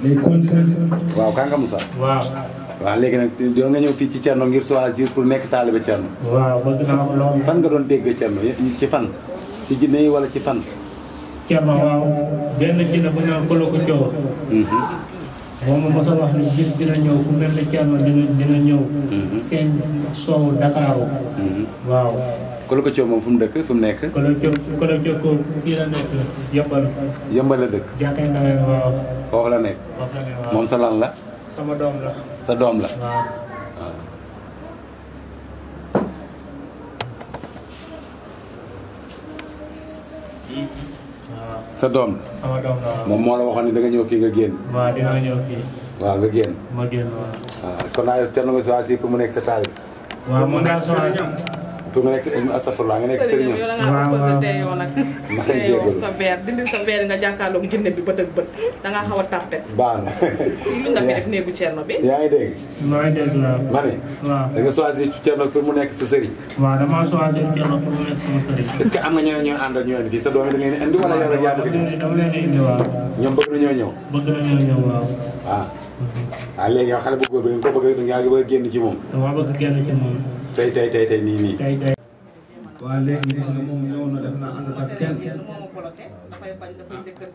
léegi continué. waaw waaw. léegi nag doon nga ñëw fii ci Thierno ngir choisir pour nekk taaliba Thierno. waaw bëgg naa ko lool. fan nga doon dégg Thierno ci fan. ci jinne yi wala ci fan. Thierno waaw benn jinne bu ñu naan coow. Mhm. moom ma wax ni gis dina ñëw ku mel ne Thierno dina dina ñëw. Mhm. seen soowu mhm. waaw. Kolo Coow moom fu mu dëkk fu mu nekk. Kolo Coow Kolo Coow yëmbal. yëmbal dëkk. foofu la nekk. foofu la moom sa lan la. sama doom sa doom la waaw. sa doom la. moom moo la waxoon ne danga ñëw fii nga génn. waaw nga génn. ma génn waaw. waaw ah, kon naa yor Thierno ku mu nekk sa taal bi. waaw mën naa pour nga nekk eh, astafurlaa nga nekk sa verre nga jàkkaarloog jinne bi bët ak bët da ngaa xaw a tàppe. baax na. lu nga fi a néegu cerno bi. yaa ngi dégg. maa ngi dégg la. ma ne. waaw da nga choisir cerno pour mu sa sëriñ. waaw damaa choisir cerno pour mu nekk sama sëriñ. est ce sa doom yi da ngeen indi a yow rek yaa bëgg a. dama leen di indi waaw. ñoom bëgg nañoo ñëw. ñëw waaw. waaw. léegi yow xale bu góor bi dañ ko bëgg a génn ci génn ci moom tey tey tey tey nii nii. waaw léegi gis nga moom ñëw na def na àndut ak kenn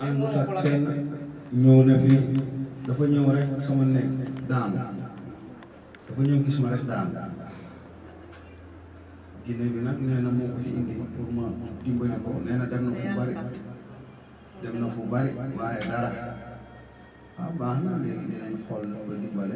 àndut ak kenn ñëw na fii dafa ñëw rek sama nekk daan dafa ñëw gis ma rek daan Guinée bi nag nee na moo ko fi indi pour ma dimbali ko nee na dem na fu bari dem na fu bari waaye dara waaw baax na léegi dinañ xool na ko dimbale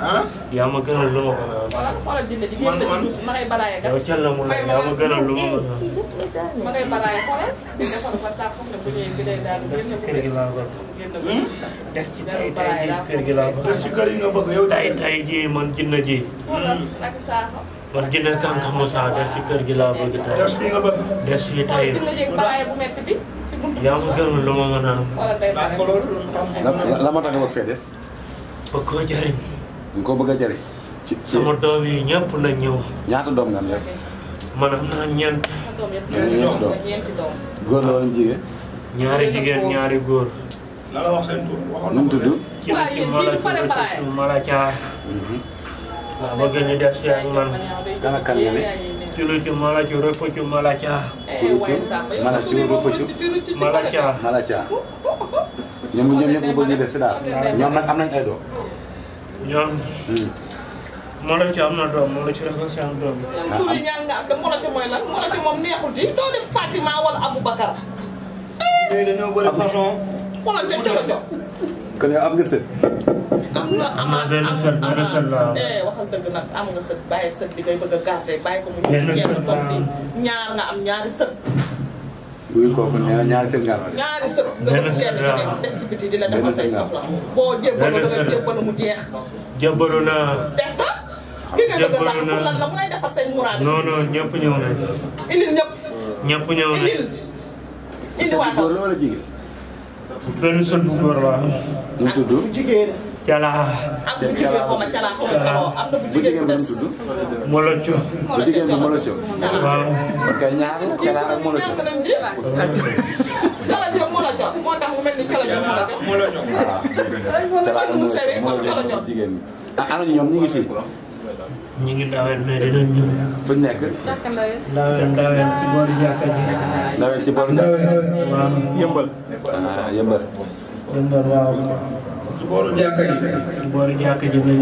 ah. yaa ma gënal lu ma ko xoolal xoolal dina ci génn ci ma ngay balaaye kat. yow kenn la mu ne yaa ma gënal lu ma eh, ko xoolal. ma ngay balaaye xoolal. defoon ba taa foog ne bu ñëwee bi day daal des ci kër gi laa bëgg. Hmm? des ci tey tey jii kër gi laa bëgg. des ci kër yi nga bëgg yow. tey tey jii man jinna ji. man jinna kànkam saa des ci kër gi laa bëgg tey. des fii nga bëgg. des fii tey. yaa ma gënal lu ma mën a am. la ma tax nga bëgg fee des. bëgg koo jëriñ nga ko bëgg a jëriñ. ci sama doom yi ñëpp na ñëw. ñaata doom nga am yow. man am na ñeent. ñeenti doom góor la wala jigéen. ñaari jigéen ñaari góor. la la wax na mu tudd. ci la ci mala ca waaw mhm. bëgg ñu ci lu ci mala ci rëpp ci mala ca. Eh, ci mala ci rëpp ci. mala ca mala ca. ñoom bëgg ñu def si daal. ñoom nag am nañ ay ñoom. moo la ci am la ci dafa si am doom. ah tuuri ñaan nga am de moo la ci moom neexul di doo def Fatima wala Aboubacar. yooyu dañoo bëri façon. moo am nga sët. am na amaat am na eh, waxal dëgg nag am nga sët bàyyi sët bi ngay bëgg a garder bàyyi ko mu. ñaar nga am ñaari sët. wuyu kooku nee na ñaari sën nga ñaari sën nga ko teel a des ci la jébbalu mu jeex. jébbalu naa. des na. ki nga bëgg la mu lay defal say muraad. non non ñëpp ñëw nañ. indil ñëpp. ñëpp ñëw nañ indil. indiwaatam góor la jigéen. benn sën bu góor la. ak bu Cala. am na jigéen xaw ma Cala xaw ma Caloo am na bu jigéen bu des. Moloco. bu jigéen bi Moloco. waaw. ok ñaari Cala ak Moloco. Calajo Moloco moo tax mu mel ni Calajo Moloco. waaw. Cala ak Moloco jigéen bi. ah ana ñoom ñu ngi fi. ñu ngi ndaween mais dinañ ñëw. fu ñu nekk. ndaween ndaween ci booru jàkka ji. ndaween ci booru jàkka ji. waaw yëmbal. ah yëmbal. yëmbal waaw. booru jàkka ji. booru jàkka ji ñëw.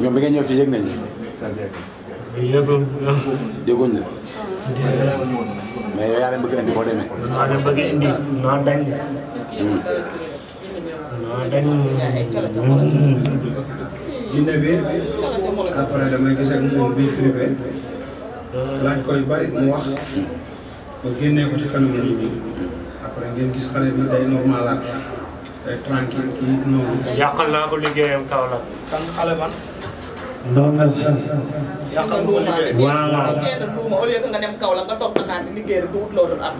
ñoom bi nga ñëw ci yëg nañu. yëgul. yëguñ la. mais yaa leen bëgg indi boo demee. maa leen bëgg indi maa dañ. maa dañ. jinne bi après damay gis ak moom bi privé euh. laaj koy bari mu wax. Hmm. mu génnee ko ci kanamu nit ñi. ngeen gis bi day normalaat day tranquille kii noonu. yàqal naa ko liggéeyam kaw la. kan xale ban. ndongal. yàqal ko liggéeyam voilà. luuma au lieu que nga nga toog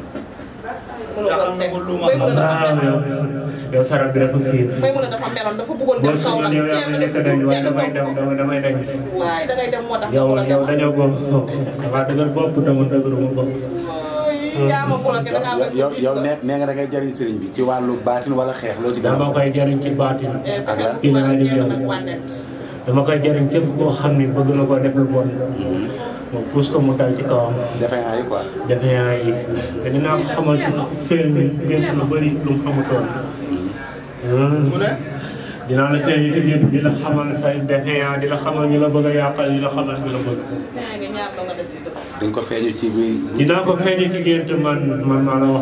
Dakar na ko luuma dafa fiir. may mën a dafa meloon dafa bëggoon dëgër bopp dama dëgëruma bopp. yow yow nee nga da ngay sëriñ bi ci wàllu baatin wala xeex loo ci dama dama koy jëriñ ci baatin. Eh, kii na dama koy jëriñ képp koo xam ni bëgg na ko def lu bon. Mm-hmm. mu pousse ko mu dal ci kawam. defeyaan yi quoi. dinaa ko xamal ci lu bëri lu mu mm-hmm. dinaa la feeñ ci gént di defeyaan di xamal ñu la bëgg a yàqal di la xamal ñu la bëgg. dañ ko feeñu ci bi. dinaa ko feeñu ci gént man man maa la wax.